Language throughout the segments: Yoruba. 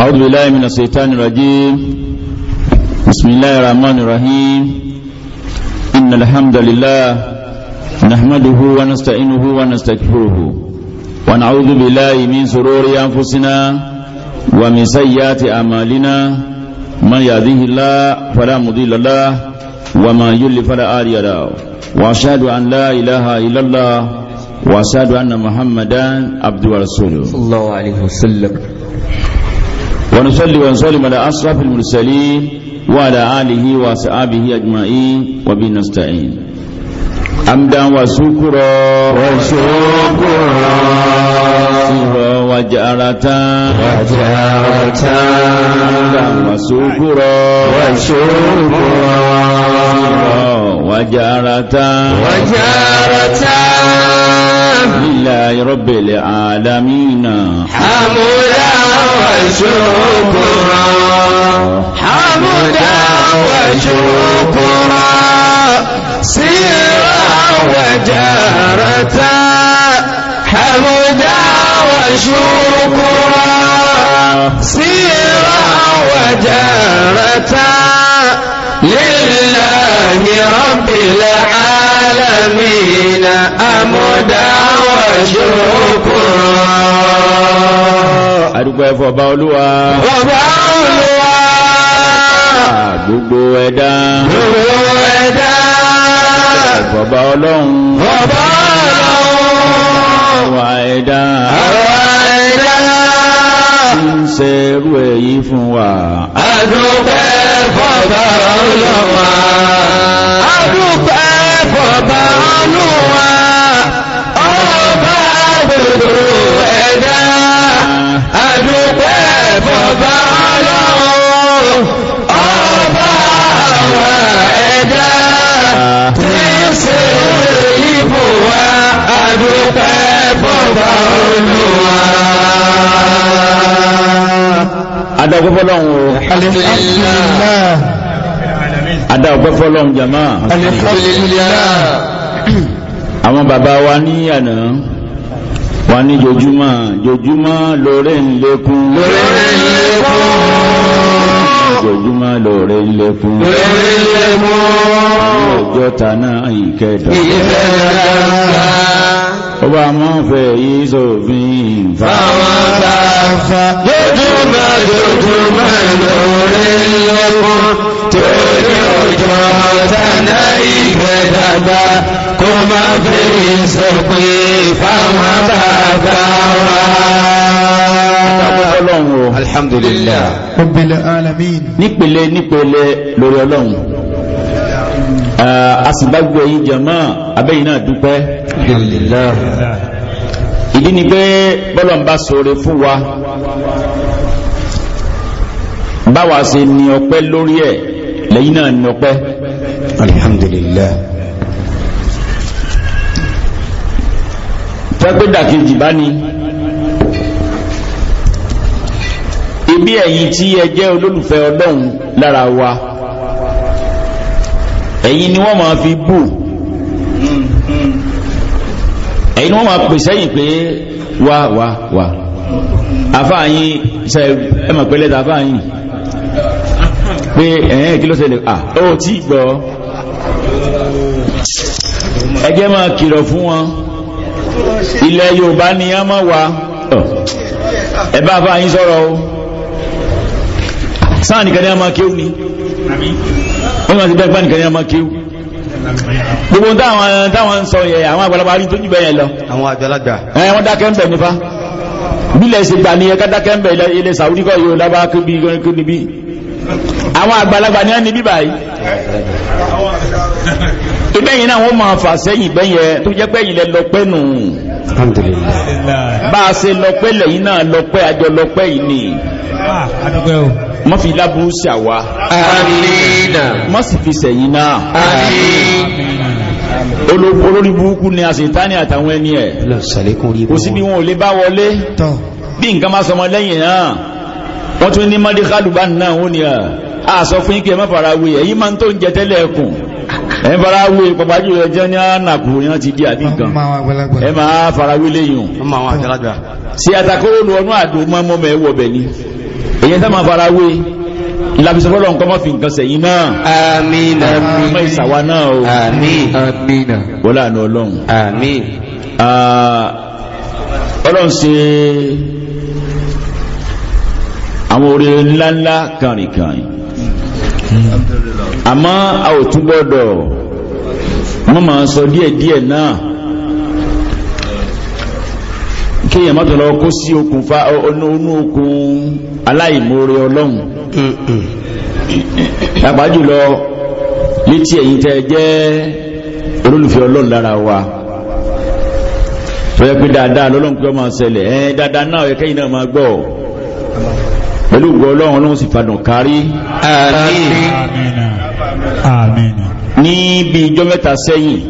أعوذ بالله من الشيطان الرجيم بسم الله الرحمن الرحيم إن الحمد لله نحمده ونستعينه ونستغفره ونعوذ بالله من سرور أنفسنا ومن سيئات أعمالنا من يهده الله فلا مضل له وما يضلل فلا هادي له وأشهد أن لا إله إلا الله وأشهد أن محمدا عبد ورسوله صلى الله عليه وسلم ونصلي ونسلم على أشرف المرسلين وعلى آله وصحبه أجمعين وبنستعين. نستعين حمدا وشكرا وشكرا وجارة وجارة حمدا وشكرا وشكرا وجارة وجارة لله رب العالمين حمدا وشكرا حمدا وشكرا سيرا وجارتا حمدا وشكرا سيرا وجارتا لله رب العالمين Amina, أمدا وشكرا أدوكو يفو باولوا وباولوا gbogbo ẹ̀dá gbogbo ẹ̀dá ọba ọlọ́run ọba ọlọ́run àwa ẹ̀dá àwa ẹ̀dá tí ń ṣe ẹrú ẹ̀ yìí fún wa adúpẹ́ fọ́bà ọlọ́run adúpẹ́ fọba ọnù wa ọba gbogbo ẹ̀dá àdúpẹ́ fọba ọlọ́run ọba àwọn ẹ̀dá tí ń ṣe ìbò wa àdúpẹ́ fọba ọnù wa. Adágúnfọ́lọ́hun. Alhamdulillah adá ọgbẹ́ fọ́lọ́run jama àwọn bàbá wa ní àná wa ní jojúmọ́ jojúmọ́ lóore ń lékún lóore ń lékún jojúmọ́ lóore ń lékún lóore ń lékún ọjọ́ tàná ìkẹtọ̀ ó bá mọ́ fẹ́ yìí sófin fáwọn sáfà jojúmọ́ jojúmọ́ ọ̀tánà ìfẹ́ dàgbà kó má fèrè sọ̀pé fáwọn bàbá wa. alhamdulillah. rabbil alamin. nípele nípele lórí ọlọ́run asìbágbé yìí jama abẹ́yìn náà dúpẹ́ alhamdulillah ìdí ni pé bọ́lọ̀ bá sọ̀rọ̀ fún wa báwa ṣe ní ọpẹ́ lórí ẹ̀ lẹ́yìn náà ní ọpẹ́ alhamdulillah pẹ́pẹ́ dàkejì bá ní ibi ẹ̀yin tí ẹ jẹ́ olólùfẹ́ ọlọ́run lára wa ẹ̀yin ni wọ́n máa fi bù ẹ̀yin ni wọ́n máa pè sẹ́yìn pé wá wá wá àfáàyìn ṣe ẹmọ̀ pẹ́lẹ́ta pé ẹ̀yẹn kí ló ṣẹlẹ̀ à ah, ó tí gbọ́ ẹgẹ́ máa kìlọ̀ fún wọn ilẹ̀ Yorùbá ni a máa wà ẹ bá bá yín sọ̀rọ̀ o sáà nìkan ní a máa kéwù ni wọ́n máa ti bẹ́ẹ̀ gbá nìkan ní a máa kéwù gbogbo táwọn táwọn ń sọ yẹ àwọn àgbàlagbà rí tó jù bẹ́ẹ̀ lọ. àwọn àgbàlagbà. ẹ wọ́n dákẹ́ ń bẹ̀ nípa bílẹ̀ ṣe gbà ní ẹ̀ka dákẹ́ ń bẹ̀ ilẹ̀ sàwùdí kọ́ yóò lábá kébí kébí àwọn àgbàlagbà ní ẹni bíbà yìí tó bẹ́yìn náà wọ́n máa fà sẹ́yìn bẹ́yẹ tó jẹ́ pẹ́yìn lẹ lọ́pẹ́ nù bá a ṣe lọ́pẹ́ lẹ́yìn náà lọ́pẹ́ àjọ lọ́pẹ́ yìí ni mọ́ fi lábúrú sí àwa mọ́ sì fi sẹ̀yìn náà olórí burúkú ni àṣetáni àtàwọn ẹni ẹ̀ kò sí bí wọn ò lè bá wọlé bí nǹkan má sọmọ lẹ́yìn náà wọ́n tún ní mọ́díkàlù bá náà ó ní à sọ fún yín kí ẹ má fara wé ẹ̀yìn máa ń tó ń jẹ tẹ́lẹ̀ ẹkùn ẹ fara wé pàpàjù rẹ jẹ́ ní ànàkù yán ti di àbí nǹkan ẹ máa fara wé léyìn sí àtàkóró lu ọdún àdó mọ́ mọ́ mẹ́ wọ̀ bẹ̀ ni èyí tá máa fara wé nǹkan mọ́ fi nǹkan sẹ̀yìn náà àmín ìsàwà náà o àmín ọlọ́run ah, ọlọ́run ṣe àwọn oríire ńláńlá kàrìnkàrìn àmọ́ a ò tún gbọ́dọ̀ wọ́n máa sọ díẹ̀díẹ̀ náà kéèyàn má tọ̀lọ́ kó sí okùn fa onú okùn aláìmoore ọlọ́run pàápàá jùlọ létí ẹ̀yin tẹ́ jẹ́ olólùfẹ́ ọlọ́run lára wa tó yẹ pé dáadáa lọ́lọ́run pé ọmọ ṣẹlẹ̀ ẹ̀ dáadáa náà ẹ̀kẹ́yìn náà máa gbọ́ ọ́ pẹ̀lú ògùn ọlọ́run ọlọ́run sì fàdùn kárí àmín ní bí ijọ́ mẹ́ta sẹ́yìn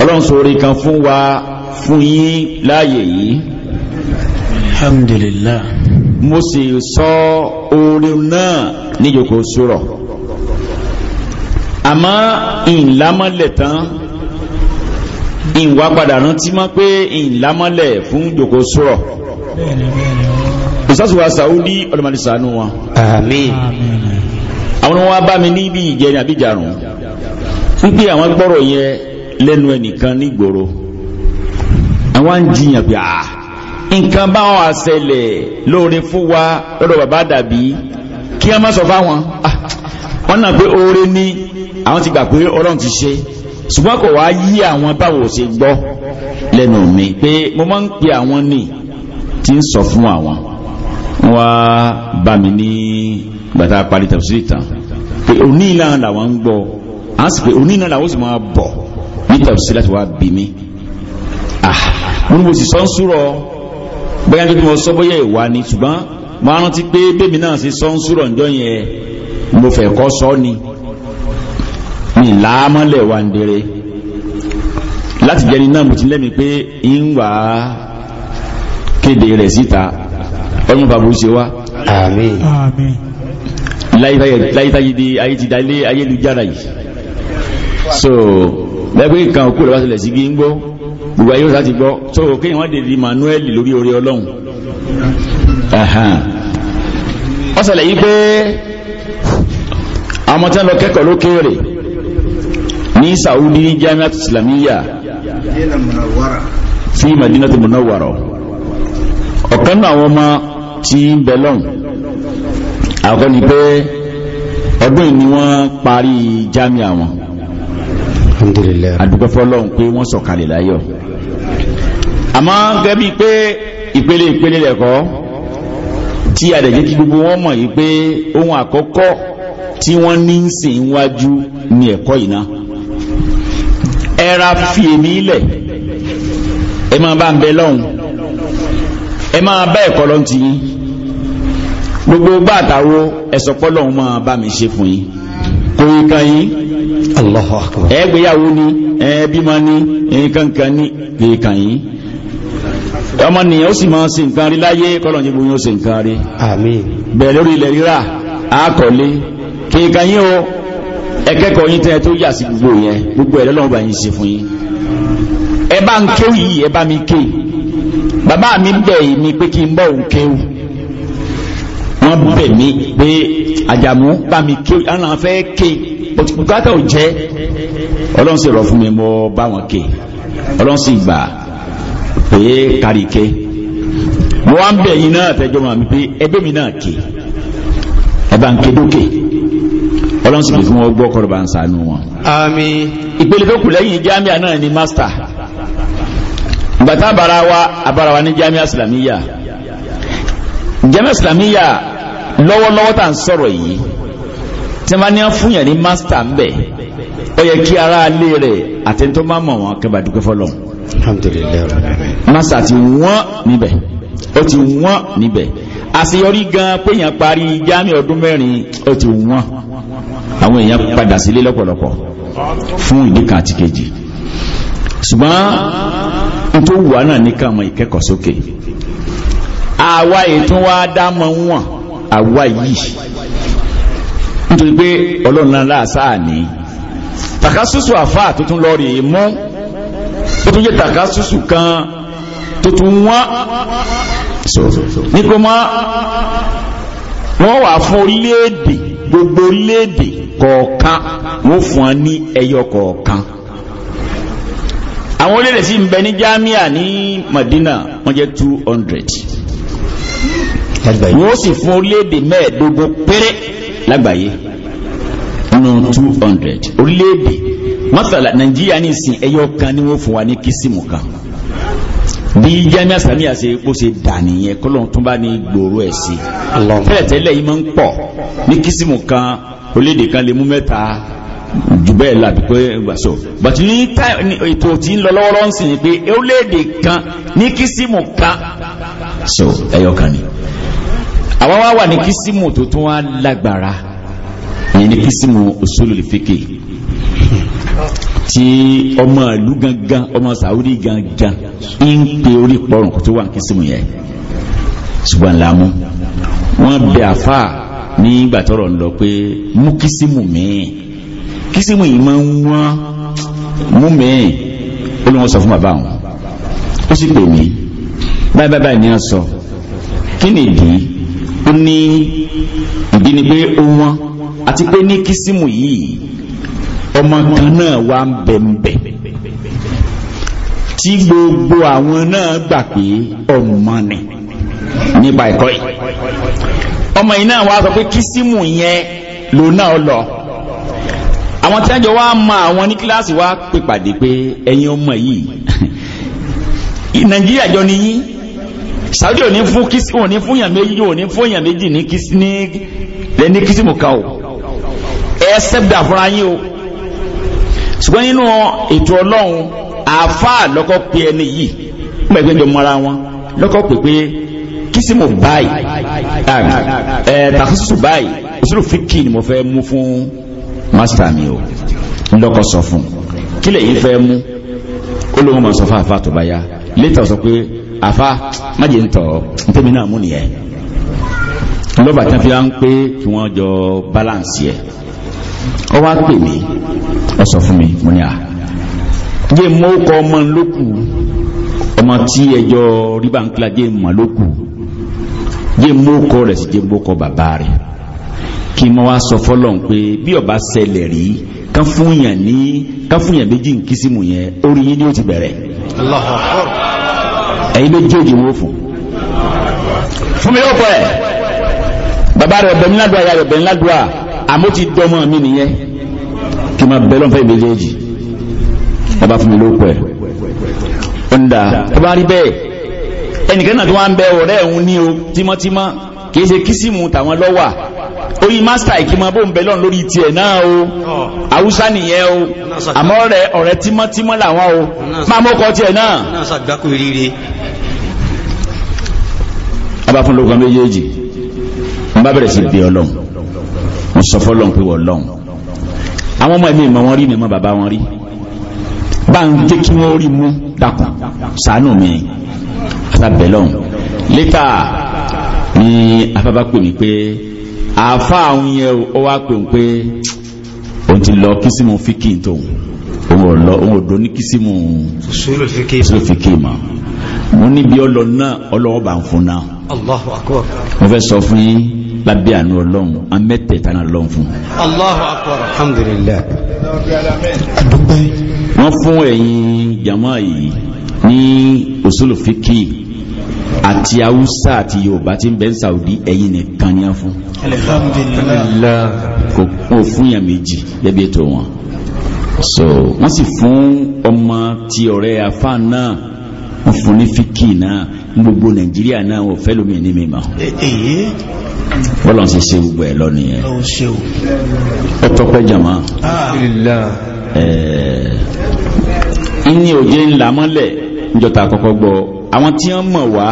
ọlọ́run sọ̀rọ̀ kan fún wa fún yín láàyè yìí alhamdulillah mo sì sọ orin náà níjòkó sọ̀rọ̀ àmọ́ ìlàmọ́lẹ̀ tán ìwà padà rántí mọ́ pé ìlàmọ́lẹ̀ fún jòkó sọ̀rọ̀ sásùwà sàúdí ọlọ́mọdé sàánú wọn. àmín. àwọn wọn bá mi níbi ìjẹrin àbíjàrún wípé àwọn gbọ́rọ̀ yẹn lẹ́nu ẹnìkan nígboro àwọn ń jiyàn pé à ah, nǹkan bá wọn àṣẹlẹ̀ lóore fún wa lọ́dọ̀ bàbá dàbí kí wọ́n má sọ fáwọn ah, wọn náà pé oore ní àwọn ti gbà pé ọlọ́run ti ṣe ṣùgbọ́n kò wá yí àwọn báwo ṣe gbọ́ lẹ́nu mi pé mo máa ń pe àwọn ní tí ń sọ fún àwọn wọ́n wá bá mi ní gbàtà parí tafsiri tán pé òní ìlànà làwọn ń gbọ́ á sì pé òní ìlànà làwọn sì máa bọ̀ ní tafsiri láti wá bí mi ah, mo ní mo sì sọ ń súrọ̀ bóyá nítorí mo sọ bóyá ìwà ni ṣùgbọ́n mo rántí pé bébì náà ṣe sọ ń súrọ̀ ǹjọ́ yẹn mo fẹ́ kọ́ sọ ni mi làámọ́lẹ̀ wà ń dèrè láti jẹni náà mo ti lẹ́mi pé ń wà kéde rẹ̀ síta ọdún bàbú ṣe wá àmín láyítayédé ayé ti dálé ayélujára yìí so lẹ́gbẹ́ kan kú lọ́wọ́ sílẹ̀ sí gí ń gbọ́ gbogbo ayé ọ̀sá ti gbọ́ so kí wọ́n dèdè Emmanuel lórí orí ọlọ́run ọ̀sẹ̀lẹ̀ yìí pé àwọn tí wọ́n lọ kẹ́kọ̀ọ́ lókèèrè ní Saudi Jamiat Islamiyya fi Madinatu Munawwara ọ̀kan náà àwọn ọmọ tí ń bẹ lọ́hùn àkọ́ ni pé ọdún ni wọ́n parí jámíà wọn àdúgbò fọlọ́hùn pé wọ́n sọ̀kalẹ̀ láyọ̀ àmọ́ gẹ́bí pé ìpele ìpele lẹ̀kọ́ tí àdẹ̀jẹ́ kí gbogbo wọn mọ̀ yìí pé ohun àkọ́kọ́ tí wọ́n ní ń sìn wájú ní ẹ̀kọ́ ìná ẹra fi èmi lẹ̀ ẹ máa bá ń bẹ lọ́hùn ẹ máa bá ẹ̀kọ́ lọ́n ti yín gbogbo gbàtàwó ẹ̀sọ̀ pọ́lọ́hún máa bá mi ṣe fún yín kò yí kan yín Allahu Akbar ẹgbéyàwó ni ẹbímọ ni nǹkankan ni kò yí kan yín ọmọ nìyẹn ó sì máa ṣe nǹkan rí láyé kọ́lọ̀ ní gbogbo yóò ṣe nǹkan rí bẹ̀rẹ̀ lórí ilẹ̀ rírà àkọ́lé kò yí kan yín o ẹ̀kẹ́kọ̀ọ́ yín tẹ́ tó yà sí gbogbo yẹn gbogbo ẹ̀rẹ́ lọ́wọ́ bá yín ṣe fún bàbá mi bẹ̀ mi pé kí n bọ̀ òun kéwù wọ́n bẹ̀ mi pé àjàmú bá mi kéwù àwọn afẹ́ ké bùkátà ò jẹ́ ọlọ́run sì rọ̀ fún mi mo bá wọn ké ọlọ́run sì gbà pé kárí ké mo wá ń bẹ̀ yín náà tẹ́jọ́ mọ́ mi pé ẹgbẹ́ mi náà ké ẹ bá ń ké dókè ọlọ́run sì fi fún wọn gbọ́ kọ́rọ̀ bá ń sànú wọn. àmín ìpele tó kù lẹ́yìn jámíà náà ni mástà gbàtà bara wa abara wa ní jamiu islamiyya jamiu islamiyya lọ́wọ́lọ́wọ́ tá à ń sọ̀rọ̀ yìí tí wọ́n ní fún yẹn ní mástà ń bẹ̀ ó yẹ kí ara alé rẹ̀ àti tó máa mọ̀ wọn kẹba dúpẹ́ fọlọ́ mástà ti wọ́n níbẹ̀ ó ti wọ́n níbẹ̀ àṣeyọrí gan péyàn parí jamiu ọdún mẹ́rin ó ti wọ́n àwọn èèyàn padà sílé lọ́pọ̀lọpọ̀ fún ìdí kan àti kejì ṣùgbọ́n tó wà náà ní ká mọ ìkẹ́kọ̀ọ́ sókè àwa ètò wa dámọ̀ wọn àwa yìí nítorí pé ọlọ́run náà láàsáà ní takasusu àfáà tó tún lọ rè é mú tó jẹ́ takasusu kan tó tún wọ́n ní kó wà fún orílẹ̀-èdè gbogbo orílẹ̀-èdè kọ̀ọ̀kan wọ́n fún ọ ní ẹyọ kọ̀ọ̀kan àwọn olèrè sí ń bẹ ní jamia ní Madina wọ́n jẹ́ 200 wọ́n sì fún orílẹ̀-èdè mẹ́ẹ̀ẹ́dógún péré lágbàáyé nínú 200 orílẹ̀-èdè mọ́sàlá Nàìjíríà ní ìsìn ẹyọ kan ni wọ́n fún wa ní kìsìmù kan bí jamia samiya ṣe kó ṣe dà nìyẹn kọ́lọ́n tún bá ní gbòòrò ẹ̀ sí fẹ́ẹ̀tẹ́lẹ̀ yìí máa ń pọ̀ ní kìsìmù kan orílẹ̀ kan lè mú mẹ́ta jù bẹ́ẹ̀ láti pé gbàsọ̀ bàtí ní ètò tí ń lọ lọ́wọ́rọ́ ń sìn pé orílẹ̀-èdè kan ní kìsímù kan so ẹyọ kan ni àwọn wá wà ní kìsímù tó tún wá lágbára èyí ní kìsímù usulul fiqi tí ọmọ ìlú gangan ọmọ Saudi gangan ń pe orí pọrùn kó tó wà ní kìsímù yẹn ṣùgbọ́n làmú wọ́n bẹ àfà nígbà tọrọ ń lọ pé mú kìsímù míì kí sí mọ̀ ìmọ̀ wọn mú mẹ́rin ó ló sọ fún bàbá wọn ó sì pè mí báyìí ni a sọ kí ni ìdí ó ní ìdí ni pé ó wọ́n àti pé ní kí yìí ọmọ kan náà wà ń bẹ̀m̀bẹ̀ tí gbogbo àwọn náà gbà pé ọmọ ni nípa ẹ̀kọ́ yìí ọmọ yìí náà wà sọ pé kí yẹn lò náà lọ àwọn tí àjọ wa mọ àwọn ní kíláàsì wa pè pàdé pé ẹ̀yin ọmọ yìí nàìjíríà jọ nìyí saudi ò ní fún kìsì ò ní fún yàn méjì ò fún yàn méjì ní kìsì ní lẹ́ni kìsì mò o ẹ sẹ́gbà fúnra yín o ṣùgbọ́n nínú ètò ọlọ́run àáfàá lọ́kọ́ pé ẹni yìí nígbà ìgbẹ́ ìjọ mọ́ra wọn lọ́kọ́ pè pé kìsì mò báyìí ẹ̀ báyìí òṣèlú fíkì ni mo fẹ́ mú fún master mi o lọ́kọ̀ sọ fún kí lè yín fẹ́ mú ó lóun mọ̀ sọ fún àfa tó bá yá létà sọ pé àfa májè ń tọ̀ ntẹ́mi náà mú nìyẹn lọ́ba tí wọ́n fi ń pé kí wọ́n jọ balance yẹ ọ wá pè mí ọ sọ fún mi mo ní à jẹ́ mọ́ kọ́ ọmọ lókù ọmọ tí ẹjọ́ rí jẹ́ mọ́ lókù jẹ́ mọ́ kọ́ rẹ̀ sì jẹ́ mọ́ kọ́ bàbá rẹ̀ kí mo wá sọ fọlọ́n pé bí ọba ṣẹlẹ̀ rí ká fún yàn ní ká fún yàn méjì nkísímù yẹn orí yín ni ó ti bẹ̀rẹ̀. ẹ̀yin méjèèjì wo fún. fún mi yóò kọ ẹ bàbá rẹ ọbẹ níládùá ya ọbẹ níládùá àmọ́ ti dọmọ mi nìyẹn kí n máa bẹ lọ́nfẹ́ méjèèjì bàbá fún mi ló kọ ẹ. ọ̀ndà tó bá rí bẹ́ẹ̀ ẹnìkan náà tó wá ń bẹ ọ̀rẹ́ ẹ̀hún ní o tímọ́tímọ́ kì í ṣe kísímù tàwọn lọ́wà oyin masta ìkímọ bó ń bẹ lọ́n lórí tiẹ̀ náà o oh. haúsá nìyẹn o àmọ́ rẹ ọ̀rẹ́ tímọ́tímọ́ làwọn o máa mọ́kọ tiẹ̀ náà. abáfún lóko méjèèjì n bá bẹ̀rẹ̀ sí bí ọlọ́run mo sọ fọlọ́run pé wọ́n lọ́run àwọn ọmọ ẹ̀mí ìmọ̀ wọn rí ni mọ bàbá wọn rí bá ń jẹ́ kí wọ́n rí mú dákun ṣàánú mi alábẹ̀lọ́run létà ni afábá pè mí pé. àáfà àwọn yẹn ó wá pè ń pé òun ti lọ kí símú fíkì tóun òun ò dó ní kí símú sólù fíkì mà mo níbi ọlọ náà ọlọ́wọ́ bá ń fún náà mo sọ fún yín lábẹ́ àánú ọlọ́run amẹ́tẹ̀ẹ̀ta náà lọ́run fún wọ́n fún ẹ̀yin jama yìí ní àti haúsá àti yorùbá tí ń bẹ ní saudi ẹ̀yin nìkan ní fún alhamdulillah kò kún fún yàn méjì yẹbi ètò wọn so wọ́n sì fún ọmọ ti ọ̀rẹ́ afá náà wọ́n fún ní fíkì náà ní gbogbo nàìjíríà náà wọ́n fẹ́ lómi ní mímọ́ fọlọ́n ṣe ṣe gbogbo ẹ̀ lọ nìyẹn ó tọ́pẹ́ jàmá ẹ̀ẹ́ ní òjé ńlá mọ́lẹ̀ níjọta àkọ́kọ́ gbọ́ àwọn tí wọ́n mọ̀ wá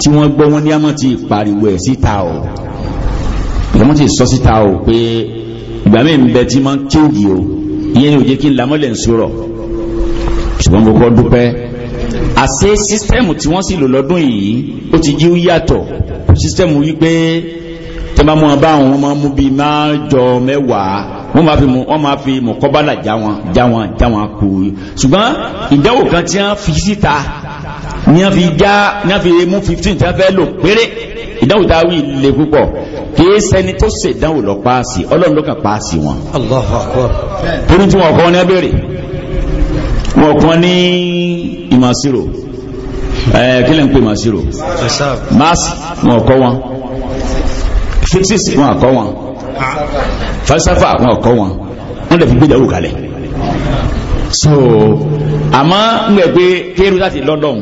tí wọ́n gbọ́ wọn ní àmọ́ ti pariwo ẹ̀ síta o ìyàmọ́ ti sọ síta o pé ìgbà mi ń bẹ tí máa ń kéwì o ìyẹn ni ò jẹ́ kí n lamọ́lẹ̀ ń sọ̀rọ̀ ṣùgbọ́n mo kọ́ dúpẹ́ àṣé sísítẹ́ẹ̀mù tí wọ́n sì lò lọ́dún yìí ó ti jí ó yàtọ̀ sísítẹ́ẹ̀mù wípé tẹ́ bá mú wọn bá wọn máa mú bíi mẹ́jọ mẹ́wàá wọ́n máa fi mú wọ́n máa fi mú kọ́bálà já wọn já wọn já wọn kú ṣùgbọ́n ìdánwò kan tí wọ́n fi síta ní a fi já ní mú 15 tí a fẹ́ lò péré ìdánwò tá a wí le púpọ̀ kìí sẹni tó ṣe ìdánwò lọ paasi ọlọ́run ló kàn paasi wọn. Akbar. torí tí wọn kọ́ wọn ní abẹ́rẹ́ wọn kọ́ ní ìmọ̀síro ẹ̀ kí lè ń pè ìmọ̀síro maasi wọn kọ́ wọn physics wọn kọ́ wọn falsafa wọn kọ́ wọn wọn lè fi gbé ìdánwò kalẹ̀ so àmọ́ ń gbẹ̀ pé kéèrú láti London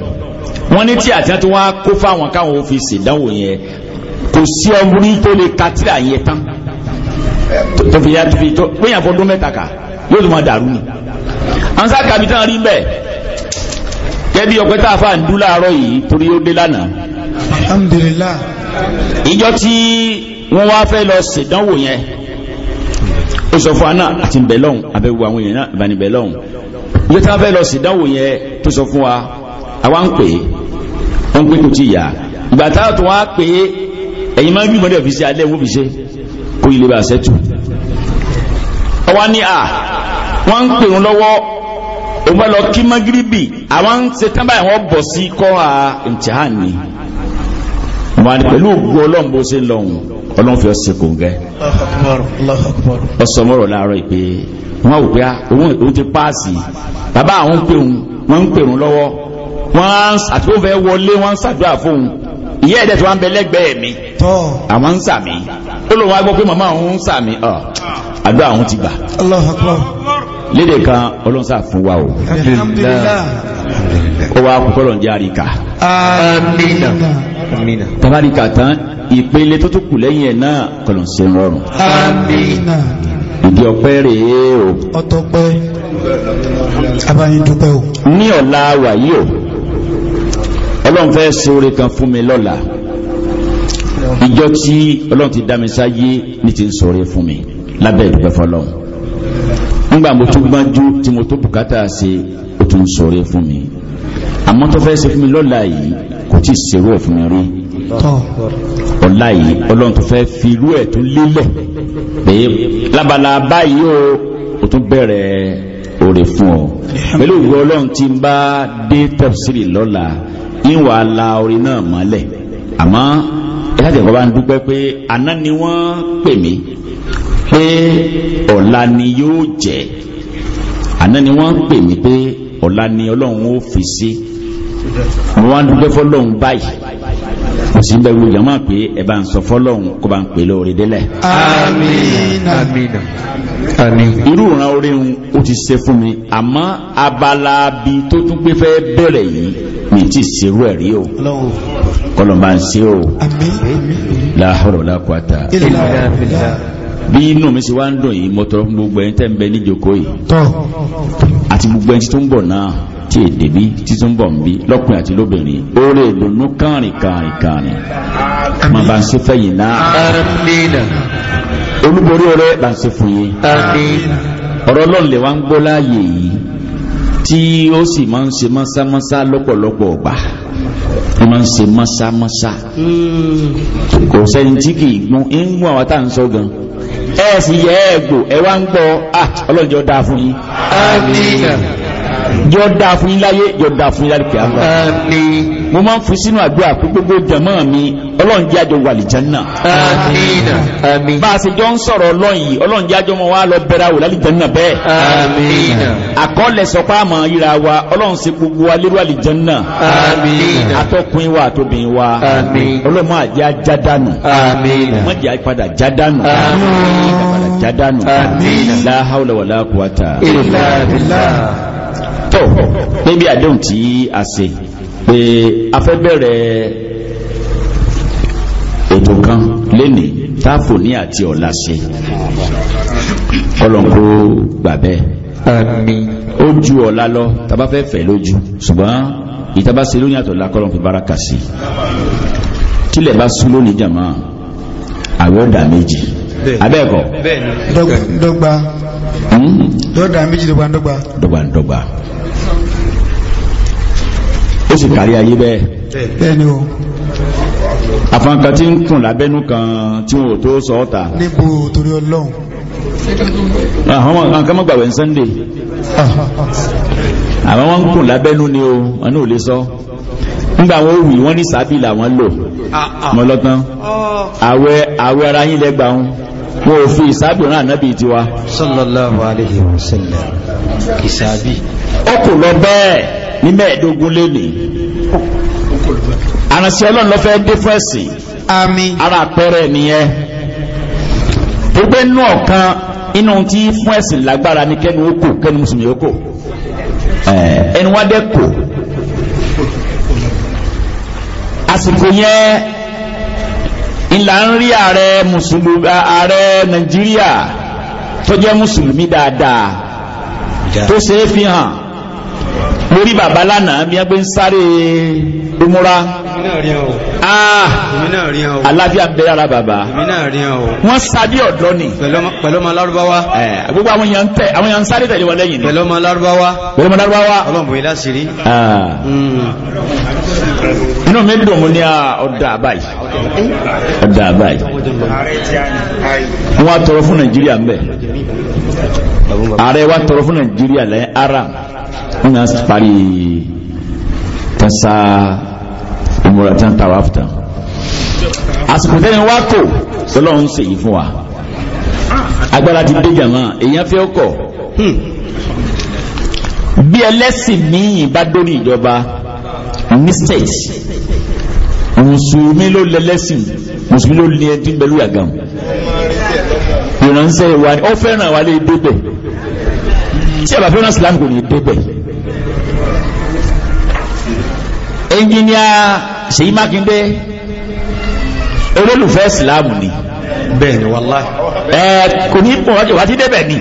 wọ́n ní tí àti àti wọ́n á kó fáwọn káwọn ọ́fíìsì ìdánwò yẹn kò sí ọmọrí tó lè ka tíra yẹn tán tó fi yá tó fi tó péyàn fọdún mẹ́ta kà yóò tó máa dàrú ni àwọn sáà tán rí bẹ́ẹ̀ kẹ́bí ọ̀pẹ́ tá a fà ń dú láàárọ̀ yìí torí ó dé lánàá. alhamdulillah. ìjọ tí wọ́n wá fẹ́ lọ ṣèdánwò yẹn ó sọ fún wa náà àti bẹ̀lọ́hùn abẹ́wò àwọn èèyàn náà ìbáni bẹ̀lọ́hùn ilé tí wọ́n fẹ́ lọ sí ìdánwò yẹn tó sọ fún wa àwa ń pè é ń pè kò tí ì yá ìgbà táwọn tó wá pè é ẹ̀yin máa ń bí mọ́lẹ̀ fi alẹ́ wọ́n fi ṣe kó ilé bá ṣẹ́tù ọwá ní à wọ́n ń pè ń lọ́wọ́ òun bá lọ kí mọ́gíríbì àwọn ń ṣe tán báyìí wọ́n bọ̀ sí kọ́ à ìtìhánì wọn pẹ̀lú ògùn ọlọ́run ọlọ́run fi ọsẹ kò ń gẹ. ọsọmọrọ láàárọ̀ ìpè wọn ò pé òun ti paasi bàbá àwọn ń pè òun wọn ń pè òun lọ́wọ́ wọn àti wọn fẹ́ wọlé wọn ń ṣàdúrà fóun ìyá ẹ̀dẹ̀ tí wọ́n ń bẹ lẹ́gbẹ̀ẹ́ mi àwọn ń sàmì ó lóun wá gbọ́ pé màmá òun ń sàmì àdúrà òun ti gbà lédè kan ọlọ́nsà fún wa o ó wá kúkọ́ lọ́njẹ́ àríkà tàbárí kàtán ìpele tó tó kù lẹ́yìn ẹ̀ náà kọlọ̀ sí rọrùn ìdí ọpẹ́ rèé o ọtọpẹ́ abáyín dúpẹ́ o ní ọ̀la wà o ọlọ́run fẹ́ ṣe oore kan fún mi lọ́la ìjọ tí ọlọ́run ti dá mi sáyé ní ti ń sọ̀rọ̀ fún mi lábẹ́ ìdúpẹ́ fọlọ́run nígbà mo tún gbájú tí mo tó bùkátà ṣe ó tún sọ̀rọ̀ fún mi àmọ́ tó fẹ́ ṣe fún mi lọ́la yìí tí ṣerú ẹ̀ fún mi rí ọ̀la yìí ọlọ́run tó fẹ́ fi irú ẹ̀ tó lélẹ̀ pé lábala báyìí o tún bẹ̀rẹ̀ òrè fún ọ pẹ̀lú ìwọ ọlọ́run tí ń bá dé tẹ̀sírì lọ́la ìwà la orin náà mọ́lẹ̀ àmọ́ ìlàjẹ̀ kọ́ bá ń dúpẹ́ pé àná ni wọ́n pè mí pé ọ̀la ni yóò jẹ́ àná ni wọ́n pè mí pé ọ̀la ni ọlọ́run ó fi sí. Si mo wá ń dúpẹ́ fọlọ́hún báyìí kò sí bẹ́ẹ̀ wúlò jàmọ́ pé ẹ bá ń sọ fọlọ́hún kó bá ń pè lóore délẹ̀. amiina amiina amiina. irú ìran orí o ti ṣe fún mi àmọ́ abala bi tó tún gbé fẹ́ bẹ̀rẹ̀ yìí mi ti ṣerú ẹ̀ rí o kọlọ̀ máa ń ṣe o la hawla wala quwata illa billah bí inú mi sì wá ń dùn yìí mo tọrọ fún gbogbo ẹni tẹ́ ń bẹ níjókòó yìí àti gbogbo ẹni tó ń bọ̀ náà tí èdè bí títún bọ̀ ń bí lọ́kùnrin àti lóbìnrin oore ìdùnnú kàrìn kàrìn kàrìn mà bá ń ṣe fẹ́yìn náà olúborí oore bá ń ṣe fún yín ọ̀rọ̀ ọlọ́run lè wá ń gbọ́ láàyè yìí tí ó sì máa ń ṣe mọ́sámọ́sá lọ́pọ̀lọpọ̀ ọ̀gbà ó máa ń ṣe mọ́sámọ́sá mm. kò sẹ́ni tí kì í gbọ́n ń gbọ́n àwọn tá à ń sọ gan ẹ̀ sì yẹ ẹ̀ gbò ẹ̀ wá ń gbọ́ ah, ọlọ́run dáa fún yín jọ dáa fún yín láyé jọ dáa fún yín láyé kí á mọ̀. àmín. mo máa ń fi sínú àdúrà pé gbogbo jàmọ́ mi ọlọ́run jẹ́ àjọ wàlì jẹ́nà. àmín. àmín. bá a ṣe jọ ń sọ̀rọ̀ ọlọ́run yìí ọlọ́run jẹ́ àjọ mọ́ wa lọ bẹ̀rẹ̀ àwòrán lè jẹ́nà bẹ́ẹ̀. àmín. àkọọ́lẹ̀ sọ pé àmọ́ yíra wa ọlọ́run ṣe gbogbo wa lérò àlè jẹ́nà. àmín. atọ́kùnrin wa àtòbìnrin wa. àmín. ọlọ́run máa jẹ́ àjádànù. àmín. wọ́n jẹ́ àpadà jádànù. àmín. àpadà jádànù. àmín. la hawla wala quwata. illa billah tọ̀ níbi àdéhùn tí a ṣe pé a fẹ́ bẹ̀rẹ̀ ètò kan lénìí táàfò ní àti ọ̀la ṣe ọlọ́nkó gbàbẹ́ ó ju ọ̀la lọ tàbá fẹ́ fẹ̀ lójú ṣùgbọ́n ìtàbá ṣe lóyìn àtọ̀la kọ́lọ́n fi bára kà sí tílẹ̀ bá sún lónìí jàmá àwẹ̀ ọ̀dà méjì abẹ́ẹ̀kọ́ dọ́gba dọ́dà hmm? méjì dọ́gba dọ́gba dọ́gba dọ́gba ó sì kárí ayé bẹ́ẹ̀ bẹ́ẹ̀ ni o àfọ̀nkan tí ń kùn lábẹ́nú kan tí wọn ò tó sọ ọ́ ta níbo torí ọlọ́run ah, àwọn nǹkan mọ́ gbàwẹ̀ sunday àwọn wọn ń kùn lábẹ́nú ni o wọn ní ò lè sọ nígbà wọn wì wọ́n ní sábì làwọn lò ah, ah. mọ́lọ́tán oh. àwẹ̀ àwẹ̀ ara yín lẹ́gbàá wọn wọn ò fi ìsáàbì rán ànábì tiwa. sallallahu alayhi wa sallam ìsáàbì. ó kò lọ bẹ́ẹ̀ ní mẹ́ẹ̀ẹ́dógún lénìí. àrànṣẹ́ ọlọ́run ló fẹ́ dé fún ẹ̀sìn. àmín. ara àpẹẹrẹ nìyẹn. gbogbo inú ọ̀kan inú tí fún ẹ̀sìn lágbára ni kẹ́nu ó kẹ́nu mùsùlùmí ó ẹnu wá dẹ́ kò. àsìkò yẹn ńlá ń rí ààrẹ mùsùlùmí ààrẹ nàìjíríà tó jẹ́ mùsùlùmí dáadáa tó ṣe é fi hàn mo rí bàbá lánàá bí wọ́n gbé ń sáré umura aláfíà bẹ̀rẹ̀ ara bàbá wọ́n sábí ọ̀dọ́ ni pẹ̀lú ọmọ lárúbáwá eh, gbogbo àwọn èèyàn tẹ̀ àwọn èèyàn sáré tẹ̀lé wọn lẹ́yìn ni pẹ̀lú ọmọ lárúbáwá pẹ̀lú ọmọ lárúbáwá ọlọ́mùbí láṣìírí ah. hmm. inú mi dùn mú ní ah, ọ̀dà àbáyì ọ̀dà àbáyì wọ́n á tọrọ fún Nàìjíríà ń bẹ̀ ààrẹ wa tọrọ fún Nàìjíríà lẹ́yìn aram wọ́n náà parí tẹ́sà ìmúra tí wọ́n tàwa fìtà àsìkò tẹ́lẹ̀ wá kò sọlọ́run ń sèyí fún wa agbára ti dé jàmá èèyàn fẹ́ ọkọ̀ bí ẹlẹ́sìn míì bá dórí ìjọba ní state mùsùlùmí ló lẹ́lẹ́sìn mùsùlùmí ló ní ẹni tí ń bẹ lórí àgàm ìrànṣẹ́ wa ó fẹ́ràn wa lè tí ọ̀bà fẹ́ràn islam kò ní débẹ̀ ẹnjìníà Ṣèyí Mákindé olólùfẹ́ islam ni bẹ́ẹ̀ ni wàláhì ẹ̀ kò ní pọ̀ ọjọ́ wá ti débẹ̀ ni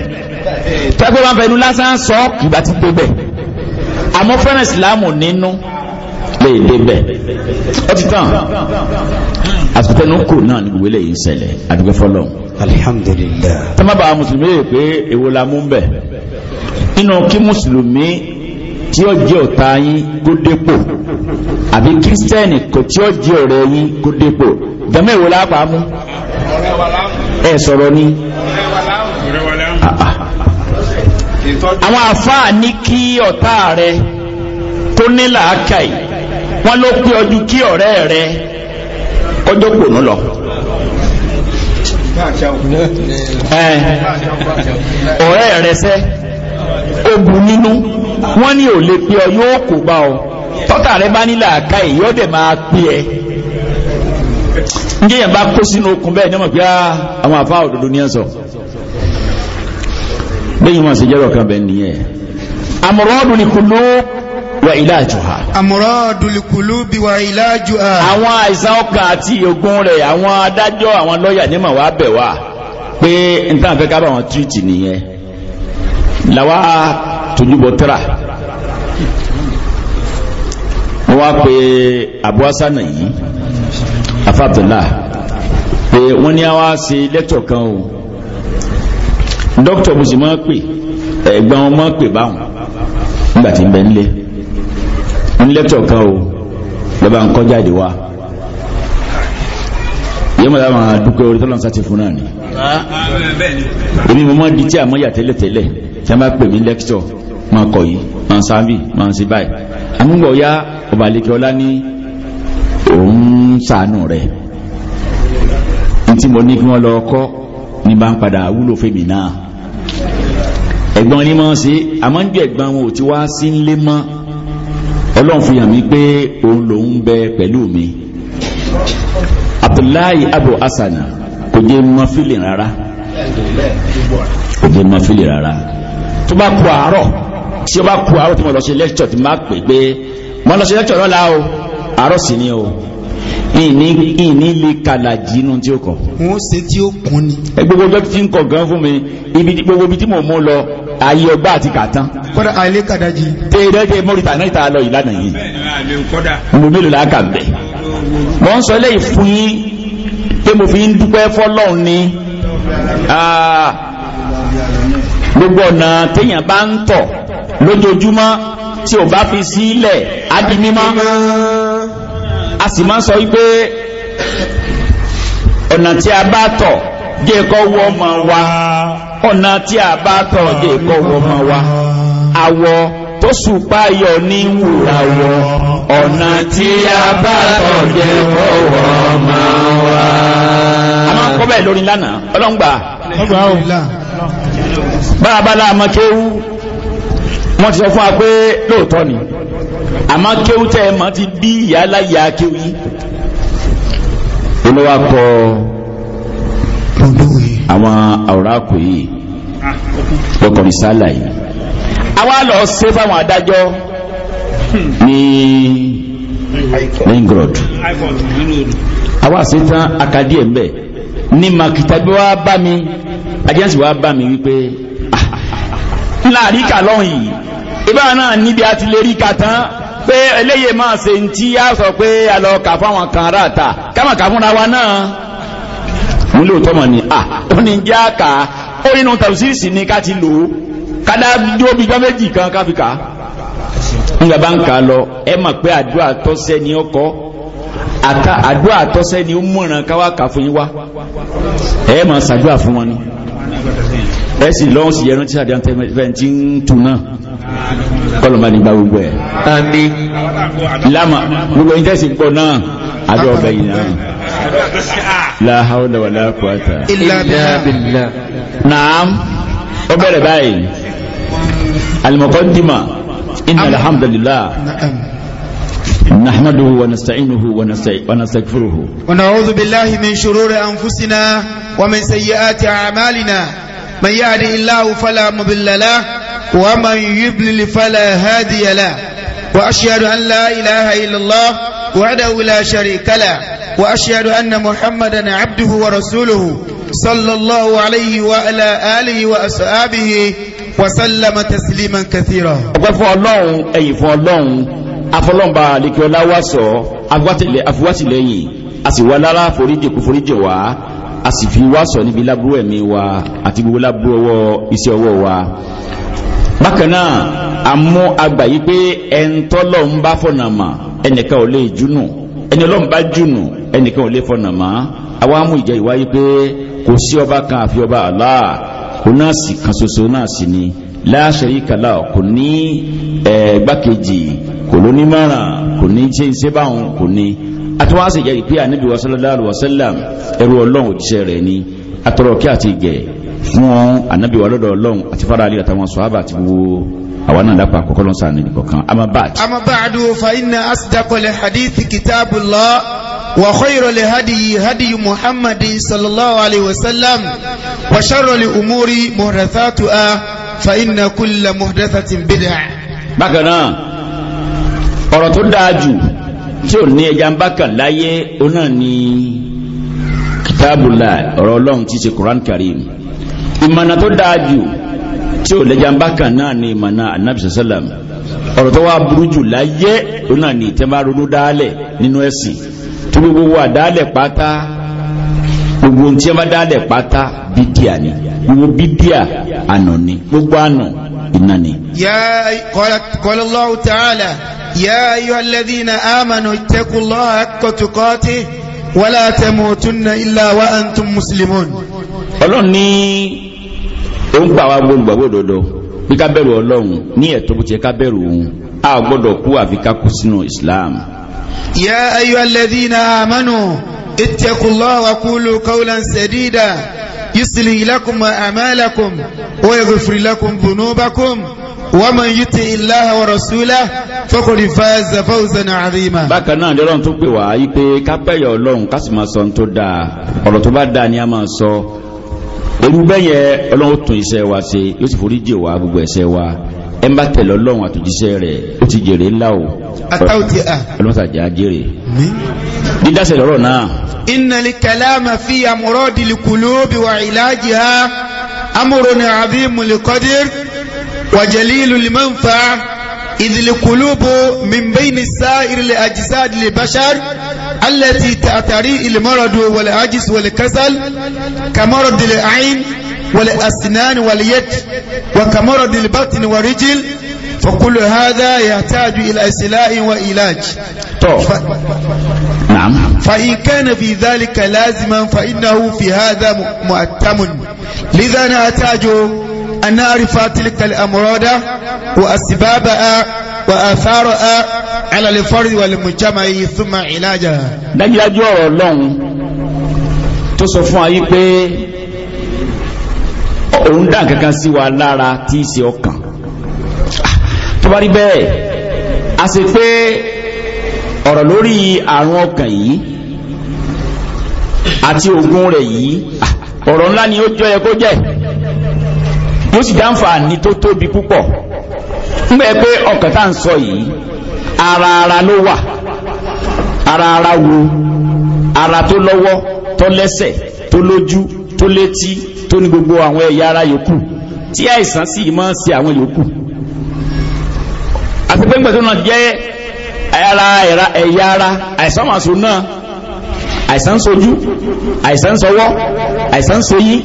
tẹ́gbẹ́ wọn fẹ́ inú lásán sọ ìgbà ti débẹ̀ àmọ́ fẹ́ràn islam nínú. No lè débẹ̀ ó ti tán àsìkòtẹ́nu kò náà ní gbogbo eléyìí ń ṣẹlẹ̀ àdúgbò fọlọ́n. alihamdulilayi. tọ́mọ̀bà mùsùlùmí yìí pé èwo la mú bẹ̀ nínú kí mùsùlùmí tí ó jẹ́ ọ̀tá yín kó dépò àbí kírísítẹ́nì kò tí ó jẹ́ ọ̀rẹ́ yín kó dépò jẹ́mọ́ èwo la pa mú ẹ sọ̀rọ̀ ni àwọn àfáà ní kí ọ̀tá rẹ tó ní làákàyè wọ́n ló pé ọdún kí ọ̀rẹ́ rẹ kọjọ́ pònú lọ ọ̀rẹ́ rẹ sẹ́ ogun nínú wọ́n ní ò lè pé ọ yóò kò bá ọ tọ́tà rẹ bá nílà àká èyí ọ̀dẹ̀ máa pé ẹ ní èyàn bá kó sínú okùn bẹ́ẹ̀ ní ọmọ pé ah, àwọn àfáà òdodo ní ẹ̀ sọ lẹ́yìn wọn sì jẹ́rọ̀ kan bẹ́ẹ̀ nìyẹn àmọ̀rọ̀ ọdún ni kò lóòkù wa ilajuha amuradul qulubi wa ilajuha àwọn àìsàn ọkàn àti ogun rẹ̀ àwọn adájọ́ àwọn lọ́yà ní mà wá bẹ̀ wá pé n tàn fẹ́ ká bá wọn tírìtì nìyẹn làwa tójúbọ tẹ́ra wọ́n wá pé Abu Hassan yìí afa Abdullah pé wọ́n ní àwa ṣe lẹ́tọ̀ kan o dókítà mo máa ń pè ẹ̀gbọ́n máa ń pè báwọn nígbà tí ń bẹ nílé ń lẹ́tọ̀ kan o lọ́ba ń kọjá ìdí wa yẹ́n mọ̀ orí tọ́lọ́n sá fún náà ni. èmi mo máa di tí àmọ́ yà tẹ́lẹ̀tẹ́lẹ̀ tí a bá pè mí lẹ́kítọ̀ máa kọ̀ yìí máa sábì máa sí báyìí. àmúgbò ya ọba àlekè ọlá ní òun sànù rẹ̀ ntí mo ní kí wọ́n lọ kọ́ ní bá ń padà wúlò fèmí náà. ẹ̀gbọ́n ni mo ń ṣe àmọ́ ń jẹ́ ẹ̀gbọ́n wọn ò ti wá sí ń lé mọ́ ọlọ́run fi hàn mí pé òun lòún bẹ pẹ̀lú mi abdullahi abu hasan kò jẹ́ mọ́fílì rárá kò jẹ́ mọ́fílì rárá tó bá kú àárọ̀ tí ó bá kú àárọ̀ tí mo lọ ṣe lẹ́kṣọ̀ tí máa pè pé mo lọ ṣe lẹ́kṣọ̀ lọ́la o àárọ̀ sì ni o ìní ìní lè kàlàjì inú tí ó kọ̀. wọ́n ṣe tí ó kún ni. gbogbo ọjọ́ tí ń kọ̀ gan fún mi ibi gbogbo ibi tí mò mú lọ ayé ọgbà àti kàtán kọ́dá àìlé kàdájì tẹ́ẹ̀rẹ́gẹ́ mọ́rítà náà ìta lọ ìlànà yìí mo mélòó láàkà ń bẹ̀ mọ́ ń sọ eléyìí fún yín pé mo fi ń dúpẹ́ fọ́lọ́run ni gbogbo ọ̀nà téèyàn bá ń tọ̀ lójoojúmọ́ tí ò bá fi sílẹ̀ á a sì máa ń sọ wípé ọ̀nà tí a bá tọ̀ jẹ́ kọ́ wọ́ ma wa ọ̀nà tí a bá tọ̀ jẹ́ kọ́ wọ́ ma wa àwọ̀ tó sùpá yọ ní wùrà wọ ọ̀nà tí a bá tọ̀ jẹ́ kọ́ wọ́ ma wa. a máa kọ́ bẹ́ẹ̀ lórí lánàá ọlọ́ngbà báabálá àmọ́ kéwú ti sọ fún wa pé lóòótọ́ ni àmọ́ kéwú ẹ mọ́ ti bí ìyá aláya kéwú yìí. olówó akọ. àwọn àwòrákò yìí lọ́kọ̀ rìsálà yìí lọ ṣe fáwọn adájọ́ ní ring road àwa tán akadé ẹ̀ ń bẹ̀ ní bá mi agensi wa bá mi wípé ah, ah, ah, láàrin kà yìí ìbá náà níbi a ti lè rí ka eléyè máa ṣe ń tí a sọ pé a lọ kà fáwọn kan kà fúnra wa nílò tọ́mọ̀ ni à ah, ó ní jẹ́ àkà ó nínú tàbísìsì ní ká ti lò ó kádá jó bí gbá méjì kan káfíkà nígbà bá ń kà lọ ẹ mọ̀ pé àdúrà tọ́sẹ́ ni ọkọ́ àdúrà tọ́sẹ́ ni ó múràn káwá kà fún yín wá ẹ mọ̀ ṣàdúrà fún wọn ni ẹ sì lọ́wọ́ sì yẹnu tí àdéhùn tẹ́fẹ̀ntì ń tu náà kọlọ̀mà nígbà gbogbo ẹ̀. lámà gbogbo yín tẹ́sí gbọ́ náà àdó ọ̀bẹ yìí náà. لا حول ولا قوة إلا بالله نعم وبر باي المقدمة إن الحمد لله نعم. نحمده ونستعينه ونستغفره ونعوذ بالله من شرور أنفسنا ومن سيئات أعمالنا من يهده الله فلا مضل له ومن يضلل فلا هادي له وأشهد أن لا إله إلا الله وحده لا شريك له وأشهد أن محمدا عبده ورسوله صلى الله عليه وعلى آله وأصحابه وسلم تسليما كثيرا أقفوا الله أي فالله أفلنبا لكي لا واسو أفواتلي أسوالا فريدي كفريدي وا a sì fi wá sọ níbi lábúrú ẹ̀mí wa àti gbogbo lábúrú ọwọ́ iṣẹ́ ọwọ́ wa bákan náà a mú agbà yí pé ẹ̀ńtọ́lọ́ ń bá fọ̀nà mà ẹnìkan ò lè júnù ẹni ọlọ́run bá jùnù ẹnìkan ò lè fọ̀nà mọ́ àwa mú ìjẹ́ ìwáyé pé kò sí ọba kan àfi ọba Allah kò náà sì kan ṣoṣo náà sì ni la sharika lahu kò ní gbákejì kò ló ní márùn kò ní ṣe iṣẹ́ báwọn kò ní àtúwáṣe ìjẹ́ ìpé ànábì sallallahu alaihi wasallam ẹrú ọlọ́run òjíṣẹ́ rẹ̀ ni atọ́rọ̀ kí àti ìgẹ̀ fún ànábì wa lọ́dọ̀ ọlọ́run àti fara alẹ́ àtàwọn sọ̀hábà àwa náà dápà kọ́kọ́ lọ́n sáà nìyí kọ̀ọ̀kan ama ba'du. ama ba'du fa inna asdaqal hadithi kitabullah wa khayral hadiyi hadiyu muhammadin sallallahu alayhi wa sallam wa sharral umuri muhdathatuha fa inna kulla muhdathatin bid'a. bákan náà ọ̀rọ̀ tó dáa jù tí ò ní ẹja ń bá kàn láyé ó náà ní kitabullah ọ̀rọ̀ ọlọ́run ti ṣe Quran Karim ìmọ̀nà tó dáa jù tí ò lẹ́jàmbá kan náà ni ìmọ̀nà anábìsẹ̀ sẹ́lẹ̀m ọ̀rọ̀ tó wá burú jù láyé ó náà ní ìtẹ́mbá ronú dálẹ̀ nínú ẹ̀sìn tó gbogbo wà dálẹ̀ pátá gbogbo tí wọ́n bá dálẹ̀ pátá bídíà ni gbogbo bídíà àná ni gbogbo àná iná ni. yá qala Allahu ta'ala yá ayyuhal ladhina amanu ittaqullaha haqqa tuqatihi wala tamutunna illa wa antum muslimun. ọlọ́run ní ó ń pa àwọn agbóhùn gbàgbọ́ òdodo bí ká bẹ̀rù ọlọ́run ní ẹ̀tọ́ bó ti ká bẹ̀rù òun a gbọ́dọ̀ kú àfi sínú Islam. ya ayyuhal ladhina amanu ittaqullaha wa qulu qawlan sadida يصلي لكم أعمالكم ويغفر لكم ذنوبكم ومن يطع الله ورسوله فقد فاز فوزا عظيما bákan náà Ọlọ́run tó pè wá yí pé ká pẹ̀yà Ọlọ́run ká sì máa sọ ohun tó dáa ọ̀rọ̀ tó bá dáa ni a máa sọ irú bẹ́yẹn ọlọ́run tún iṣẹ́ wa ṣe yóò sì forí jì wá gbogbo ẹ̀ṣẹ̀ wa ẹ bá tẹ̀lé ọlọ́run àtòjíṣẹ́ rẹ̀ ó ti jèrè ńlá o. atáwò ti à. ọlọ́run tàjà jèrè. dídásẹ̀ lọ́rọ̀ náà. innal kalama fi amradil qulubi wa ilajiha amrun azimul qadir wa jalilul manfa idh al qulubu min bayni sa'iril ajsadil bashar. التي تعتري المرض والعجز والكسل كمرض العين والأسنان واليد وكمرض البطن والرجل فكل هذا يحتاج إلى إسلاء وإلاج ف... نعم فإن كان في ذلك لازما فإنه في هذا مؤتم لذا نحتاج أن نعرف تلك الأمراض وأسبابها وآثارها alàlẹ́ fọ́rí wàlẹ̀ mùjámà yìí súnmà ìlàjà. dájúdájú ọ̀rọ̀ ọlọ́run tó sọ fún ayé pé òun dá kankan sí wa lára tí í ṣe ọkàn tó bá rí bẹ́ẹ̀ a ṣe pé ọ̀rọ̀ lórí àrùn ọkàn yìí àti oògùn rẹ̀ yìí ọ̀rọ̀ ńlá ni ó jọ yẹ kó jẹ́ yóò sì dáǹfà ní tó tóbi púpọ̀ ń bẹ́ẹ̀ pé ọkàn tá à ń sọ yìí ara ara ló wà ara ara wo ara tó lọ́wọ́ tó lẹ́sẹ̀ tó lójú tó létí tó ní gbogbo àwọn ẹ̀yà ara yòókù tí àìsàn sì máa ń ṣe àwọn yòókù àti pé gbẹ̀tọ́ náà jẹ́ ara ẹ̀yà ara àìsàn màṣọ náà àìsàn sojú àìsàn sọwọ́ àìsàn seyín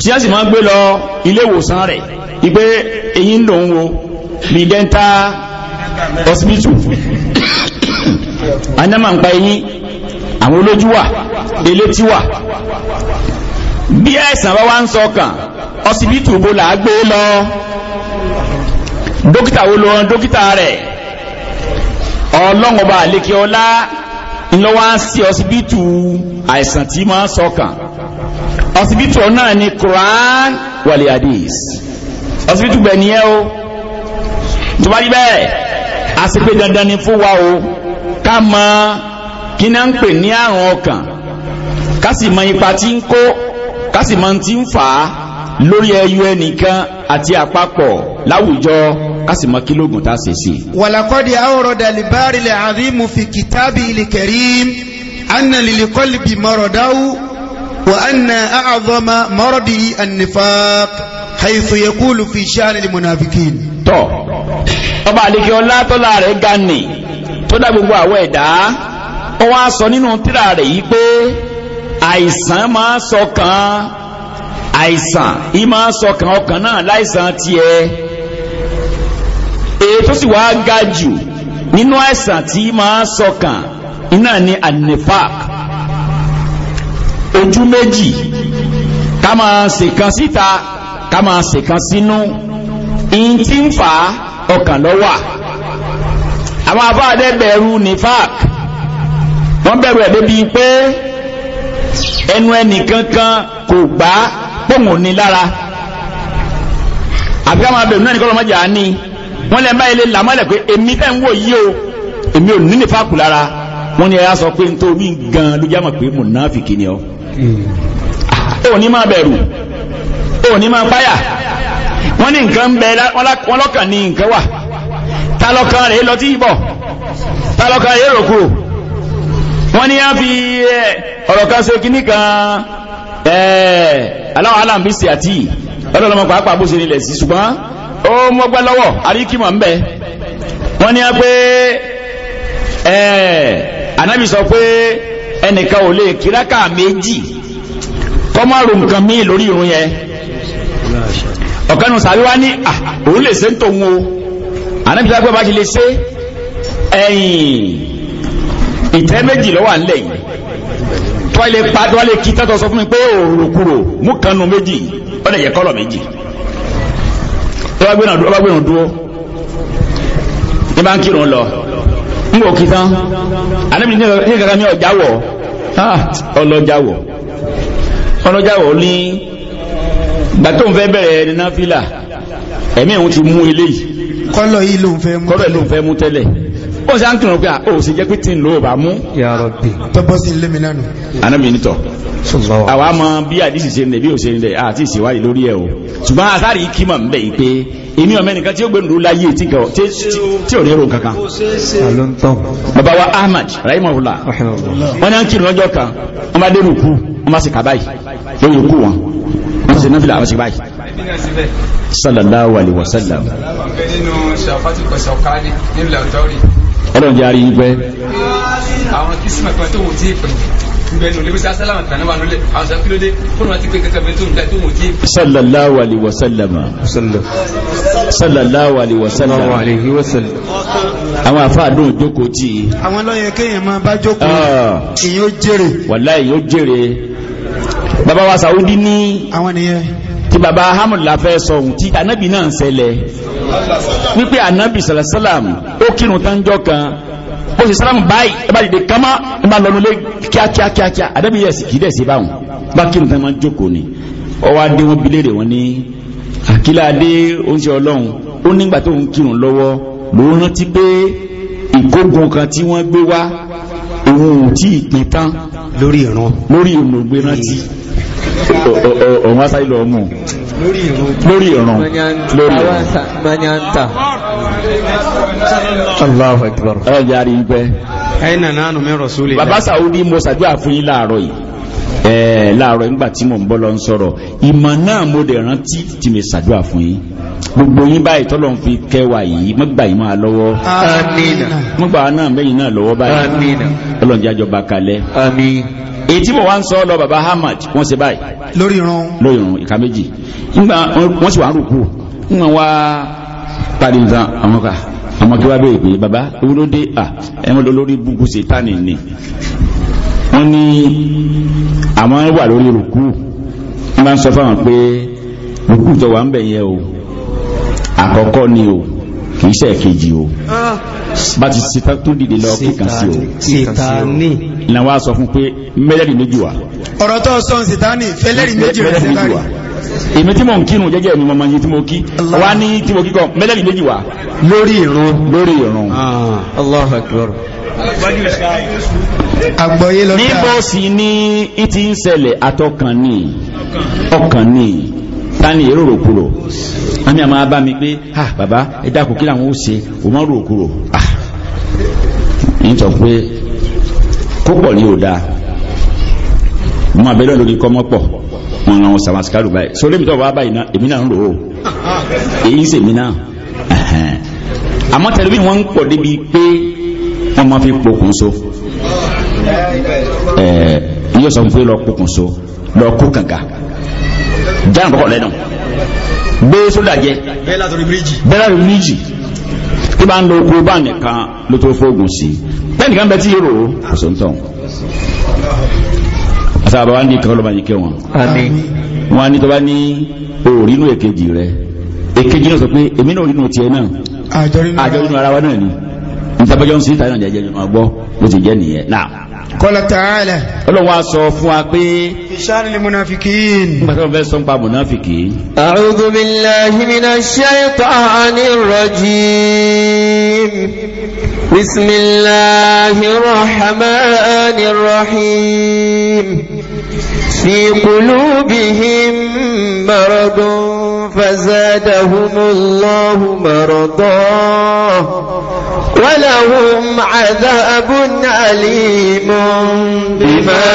tí a sì máa gbé lọ ilé ìwòsàn rẹ̀ ipé eyín lòun o mi dental ọsibítù anamọ̀ ń pa eyín àwọn olójú wà elétí wà bí àìsàn bá wá ń sọkàn ọsibítù bó là á gbé lọ dókítà wo ló rán dókítà rẹ̀ ọlọ́ngọba àlékè ọlá ńlọ́wọ́ á sí ọsibítù àìsàn tí máa ń sọkàn ọsibítù náà ni Quran wàlẹ̀ ọsibítù bẹ̀ nìyẹn o tó bá rí bẹ́ẹ̀ àsìpé dandan ni fún wa o ká mọ kí náà ń pè ní àrùn ọkàn ká sì mọ ipa tí ń kó ká sì mọ tí ń fà á lórí ẹyọ ẹnìkan àti àpapọ̀ láwùjọ ká sì mọ kílógún tá a ṣe sí. wàlàkọ́dì àwòrán dalibari lè àrímù fi kìtàbí ilẹ̀ kẹrìm anna lilikọ́lì bí mọ̀rọ̀dáwù wa anna àádọ́mà mọ̀rọ̀dì annifaq haythu yaqulu fi sha'ni al-munafiqin tọ́ ọba àlekẹ́ ọlá tọ́lá rẹ̀ ga nì tó dá gbogbo àwọ̀ ẹ̀dá ó wá sọ nínú tírà rẹ̀ yìí pé àìsàn máa sọkàn àìsàn yìí máa sọkàn ọkàn náà láìsàn tiẹ̀ èyí sì wá ga jù nínú àìsàn tí máa sọkàn iná ni anifak ojú méjì ká máa ṣèkan síta ká máa ṣèkan sínú in ti ń fa ọkàn lọ́wà àwọn afáàdé bẹ̀rù nifak wọ́n bẹ̀rù ẹ̀ débi pé ẹnu ẹnìkankan kò gbá pòǹgùn ní lára àbí káwọn abẹ̀rù náà ní kọ́lọ́ mọ́jà ní wọ́n lẹ́ báyìí lè làmọ́lẹ̀ pé èmi tẹ́ ń wò yí o èmi ò ní nifak lára wọ́n ní ẹ̀yà sọ pé nítorí gan ló jámọ̀ pé mùnáfìkì ni ọ́ hmm. ah, ò máa bẹ̀rù ò ní máa páyà wọ́n ní nǹkan ń bẹ wọ́n lọ́kàn ní nǹkan wà ta lọ́kàn rẹ̀ lọ tí ìbọ̀ ta lọ́kàn rẹ̀ rò kúrò wọ́n ní á fi ọ̀rọ̀ kan ṣe kíní kan aláwọ̀ alàmbísì àti ọlọ́lọ́mọ pàápàá bó ṣe nílẹ̀ sí ṣùgbọ́n ó mọ́gbẹ́ lọ́wọ́ àríkìmọ̀ ń bẹ wọ́n ní ọ̀kanu sàbí wá ní à ah, òun lè ṣe ń tòun o ànábìsá pé bá ti lè ṣe ẹ̀yìn ìtẹ́ méjì lọ́wọ́ à ń lẹ̀ yìí tọ́lẹ̀ pa tọ́lẹ̀ kí tọ́tọ̀ sọ fún mi pé òòrùn kúrò mú kanu méjì ó lè yẹ kọ́lọ̀ méjì ọba gbẹ̀rún dúró ní bá ń kírun lọ ń wò kí tán ànábì ní kankan ní ọjà wọ̀ ah, ọlọ́jà wọ̀ ọlọ́jà wọ̀ ní gbàtó ń fẹ́ bẹ̀rẹ̀ ẹni náà fílà ẹ̀mí òun ti mú eléyìí kọ́lọ̀ yìí ló ń fẹ́ mú tẹ́lẹ̀ ó sì á ń kìrọ̀ pé ó sì jẹ́ pé tí ń lò bá mú tọ́bọ́ sí ilé mi lẹ́nu anábì àwa mọ bí àdísì ṣe nílẹ̀ bí ò ṣe nílẹ̀ àti ìṣèwádìí lórí ẹ̀ o ṣùgbọ́n àsáàrí kí mọ̀ ń yìí pé èmi ọmọ ẹnìkan tí ó gbẹ̀rù láyé tí ò rẹ̀rùn kankan bàbá wa Ahmad rahimahullah wọ́n ní à ń kírun lọ́jọ́ kan wọ́n bá dénú kú wọ́n bá sì kàbáyì lórí ikú wọn wọ́n sì náfìlà wọ́n sì báyìí sallallahu alaihi wasallam ọlọ́run jẹ́ àríyí pẹ́. àwọn kìsìmọ̀ kan tó tí àwọn sọ kílódé sallallahu alayhi wa sallallahu alayhi wa sallam àwọn afa dùn jókòó tì í. àwọn lọ́yẹ̀ kéèyàn máa bá jókòó ah. ìyẹn ó jèrè. wàláì yóò jèrè bàbá wa Saudi ní. àwọn nìyẹn tí baba hamdulillah fẹ́ sọ ohun tí anabi náà ń ṣẹlẹ̀ wípé anabi sàlásàlám ó kírun tánjọ́ kan ó sì sàlámù báyìí ẹ bá dìde kámá ẹ bá lọnulé kíákíá kíákíá anabi yẹ sì kì í dẹ̀ sí báwọn bá kírun tán máa ń jókòó ni ọwọ́ adé wọn bilé rẹ̀ ní àkílà adé oúnjẹ ọlọ́run ó nígbà tó ń kírun lọ́wọ́ ló rántí pé ìkógun kan tí wọ́n gbé wá òun ò tí ì pin tán lórí ìrun lórí ìrun gbé rántí òun asáyé lọ mú lórí ìrùn lórí manyanta Allahu Akbar ẹ jari ipẹ ẹ̀yìn náà nù mẹ́rọ̀ sólè bàbá Saudi mo ṣàdúrà fún yín láàárọ̀ yìí ẹ̀ láàárọ̀ nígbà tí mo ń bọ́ lọ ń ìmọ̀ náà mo dẹ̀ rántí tí mi ṣàdúrà gbogbo yín báyìí tọ́lọ̀ ń fi kẹwà yìí mọ́gbà yìí máa lọ́wọ́ àmín mọ́gbà náà mẹ́yìn náà lọ́wọ́ báyìí àmín tọ́lọ̀ ń jẹ́ àjọba kalẹ̀ àmín èyí mo wá ń sọ lọ baba Ahmad wọ́n ṣe báyìí lórí irun lórí irun ìka méjì nígbà wọ́n sì wá ń rúkú nígbà wá parí nǹkan àwọn ká àwọn kí wá bẹ́ẹ̀ pé baba ewúlódé à ẹ̀mọ́ lórí búkú ṣe tánì ni wọ́n ní àwọn wà lórí rúkú wọ́n bá ń sọ fáwọn tó wà ń bẹ̀ o àkọ́kọ́ ni o kìí ṣe kejì o ah. bá ti síta tó dìde lọ kíkan sí o sítani ìlànà sọ fún pé mẹ́lẹ́rì méjì wà ọ̀rọ̀ tó sọ sítani fẹ́lẹ́rì méjì wà èmi tí mo ń kírun jẹ́jẹ́ mi mọ́mọ́ yìí tí mo kí wá ní tí mo kíkọ mẹ́lẹ́rì méjì wà lórí ìrun lórí ìrun ah, Allahu Akbar níbo sì ni ìtì ń ṣẹlẹ̀ àtọkàn ni ọkàn ni sátani èrò kúrò àmì àmà bá mi pé ah baba ẹ dákun kí làwọn ó ṣe òun rò kúrò ah ń sọ pé kópọ̀ ní ò dáa mo máa bẹ́lẹ̀ lórí kọ́mọ́ pọ̀ wọn àwọn sàmásìkàlù báyìí so lèmi tó wà báyìí náà èmi náà ń lò ó èyí ń sèmi náà àmọ́ tẹ̀lébí wọ́n ń pọ̀ débi pé wọ́n máa fi pokùnso ẹ̀ yóò sọ fún pé lọ pokùnso lọ kó kàǹkà jáàmù kọ́kọ́ lẹ́nu gbé sódà jẹ bẹ́ẹ̀ látòrí bíríjì tí bá ń lo okú bá nìkan ló tó fóògùn sí tẹ́nìkan bẹ tí yìí rò ó sọ ń tàn àtàbà wọn ní kan lọ́ba yìí kẹ́ wọn wọn ní tó bá ní òórínú èkejì rẹ èkejì náà sọ pé èmi náà òórínú tiẹ̀ náà àjọrínú ara wa náà ni ìtàbájọ́ ń sí ìtàrí náà jẹ́jẹ́ ọgbọ́ bó ti jẹ́ nìyẹn náà. kọ́lá tààlà. ọlọ́wọ́ a sọ fún wa pé بشان المنافقين أعوذ بالله من الشيطان الرجيم بسم الله الرحمن الرحيم في قلوبهم مرض فزادهم الله مرضا ولهم عذاب أليم بما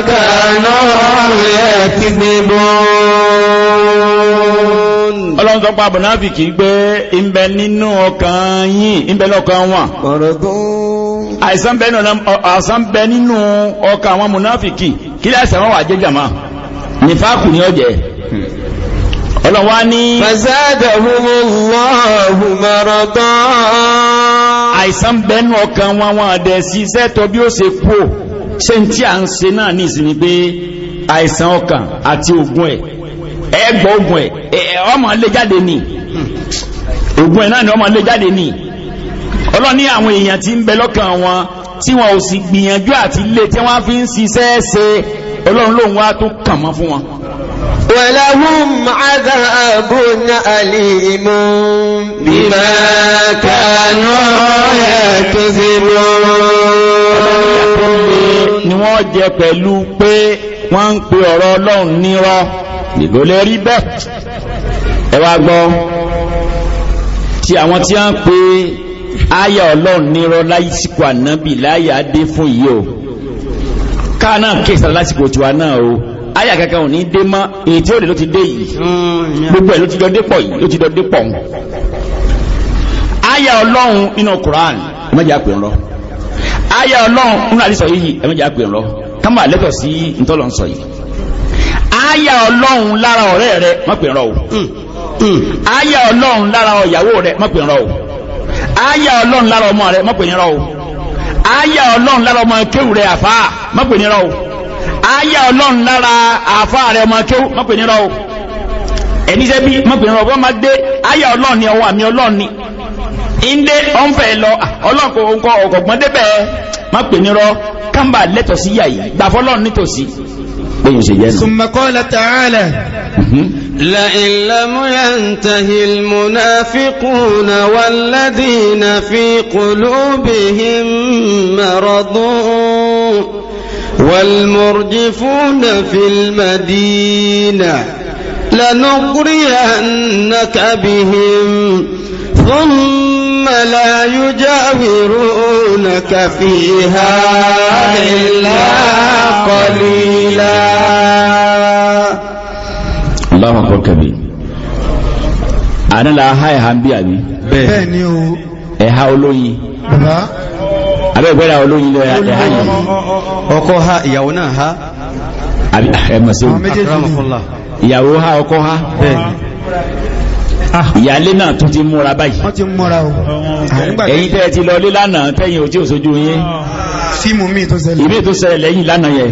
كانوا Ọlọ́run tó pa bọ̀náfìkì gbé ìbẹ nínú ọkàn yìí, ìbẹ lọ́kàn wọn. Àìsàn bẹ nínú ọkàn àwọn mọ̀náfìkì, kí láìsàn wọ́n wà jẹ́ jàmá? Nìfàkù ni ọjẹ́. Ọlọ́run wá ní... Fazadahumullahu maradan àìsàn bẹnu ọkàn wọn wọn àdẹ̀ sí iṣẹ́ bí ó ṣe kú ṣe tí a ń ṣe náà ní ìsinmi pé àìsàn ọkàn àti ogun ẹ̀ ẹgbọ́ ogun ẹ̀ ọmọ lè jáde ni ogun ẹ̀ náà ni ọmọ lè jáde ni ọlọ́ni àwọn èèyàn tí ń bẹ lọ́kàn wọn tí wọn ò sì gbìyànjú àti ilé tí wọ́n fi ń ṣiṣẹ́ ṣe ọlọ́run lòun wá tó kàn mọ́ fún wọn. wàláhùn àdàbùn àlìmọ́ bímọ kánú ẹ̀ wọ́n ń pe ọ̀rọ̀ ọlọ́run nírọ́ nìgbò lè rí bẹ́ẹ̀ ẹ wá gbọ́ tí àwọn tí wọ́n ń pe àyà ọlọ́run nírọ́ lásìkò ànábì láyà dé fún yìí o káà náà kéèsà lásìkò tiwa náà o àyà kankan ò ní dé mọ́ èyí tí ó lè ló ti dé yìí gbogbo ẹ̀ ló ti jọ dé pọ̀ yìí ló ti jọ dé pọ̀ ń àyà ọlọ́run nínú Quran ẹ má jẹ́ àpè ńlọ àyà ọlọ́run nínú àdìsọ yìí ẹ má jẹ́ àpè ńlọ tán wà lẹ́tọ̀ sí ntọ́lọ́ sọ yìí àyà ọlọ́run lára ọ̀rẹ́ rẹ mọ̀pẹ̀rọ̀ o àyà ọlọ́run lára ọ̀yàwó rẹ mọ̀pẹ̀rọ̀ o àyà ọlọ́run lára ọmọ rẹ mọ̀pẹ̀rọ̀ o àyà ọlọ́run lára ọmọ kéwù rẹ àfà mọ̀pẹ̀rọ̀ o àyà ọlọ́run lára àfà rẹ ọmọ kéwù mọ̀pẹ̀rọ̀ o ẹni sẹ́bí mọ̀pẹ̀rọ̀ o bọ́ máa gbé àyà ọlọ́run ni ọwọ́ àmì ọlọ́run ni inde ọ̀nfẹ́ lọ ọlọ́kọ̀ nǹkan ọ̀gọ̀gbọ́n débẹ̀ má pè ní rọ kámbà lẹ́tọ̀ sí yàyí gbàfọ́ nítòsí. bóyá ṣe yẹn. summa qala ta'ala. لئن لم ينتهي المنافقون والذين في قلوبهم مرض والمرجفون في المدينة لنغرينك بهم ثم ثم لا يجاورونك فيها إلا قليلا الله أكبر كبير أنا لا هاي هم بيابي بẹ́ẹ̀ni o ẹ̀há olóyin abẹ́gbẹ́ra olóyin lọ ẹ̀há yìí ọkọ ha ìyàwó náà ha ẹ̀mọ̀ sí ìyàwó ha ọkọ ha bẹ́ẹ̀ni ìyálé náà tún ti múra báyìí wọ́n ti múra o ah, ẹ̀yin tẹ́ ti lọ lé lánàá tẹ́yìn ojú òṣojú yín fíìmù míì tó ṣẹlẹ̀ ìmíì tó ṣẹlẹ̀ lẹ́yìn lánàá yẹ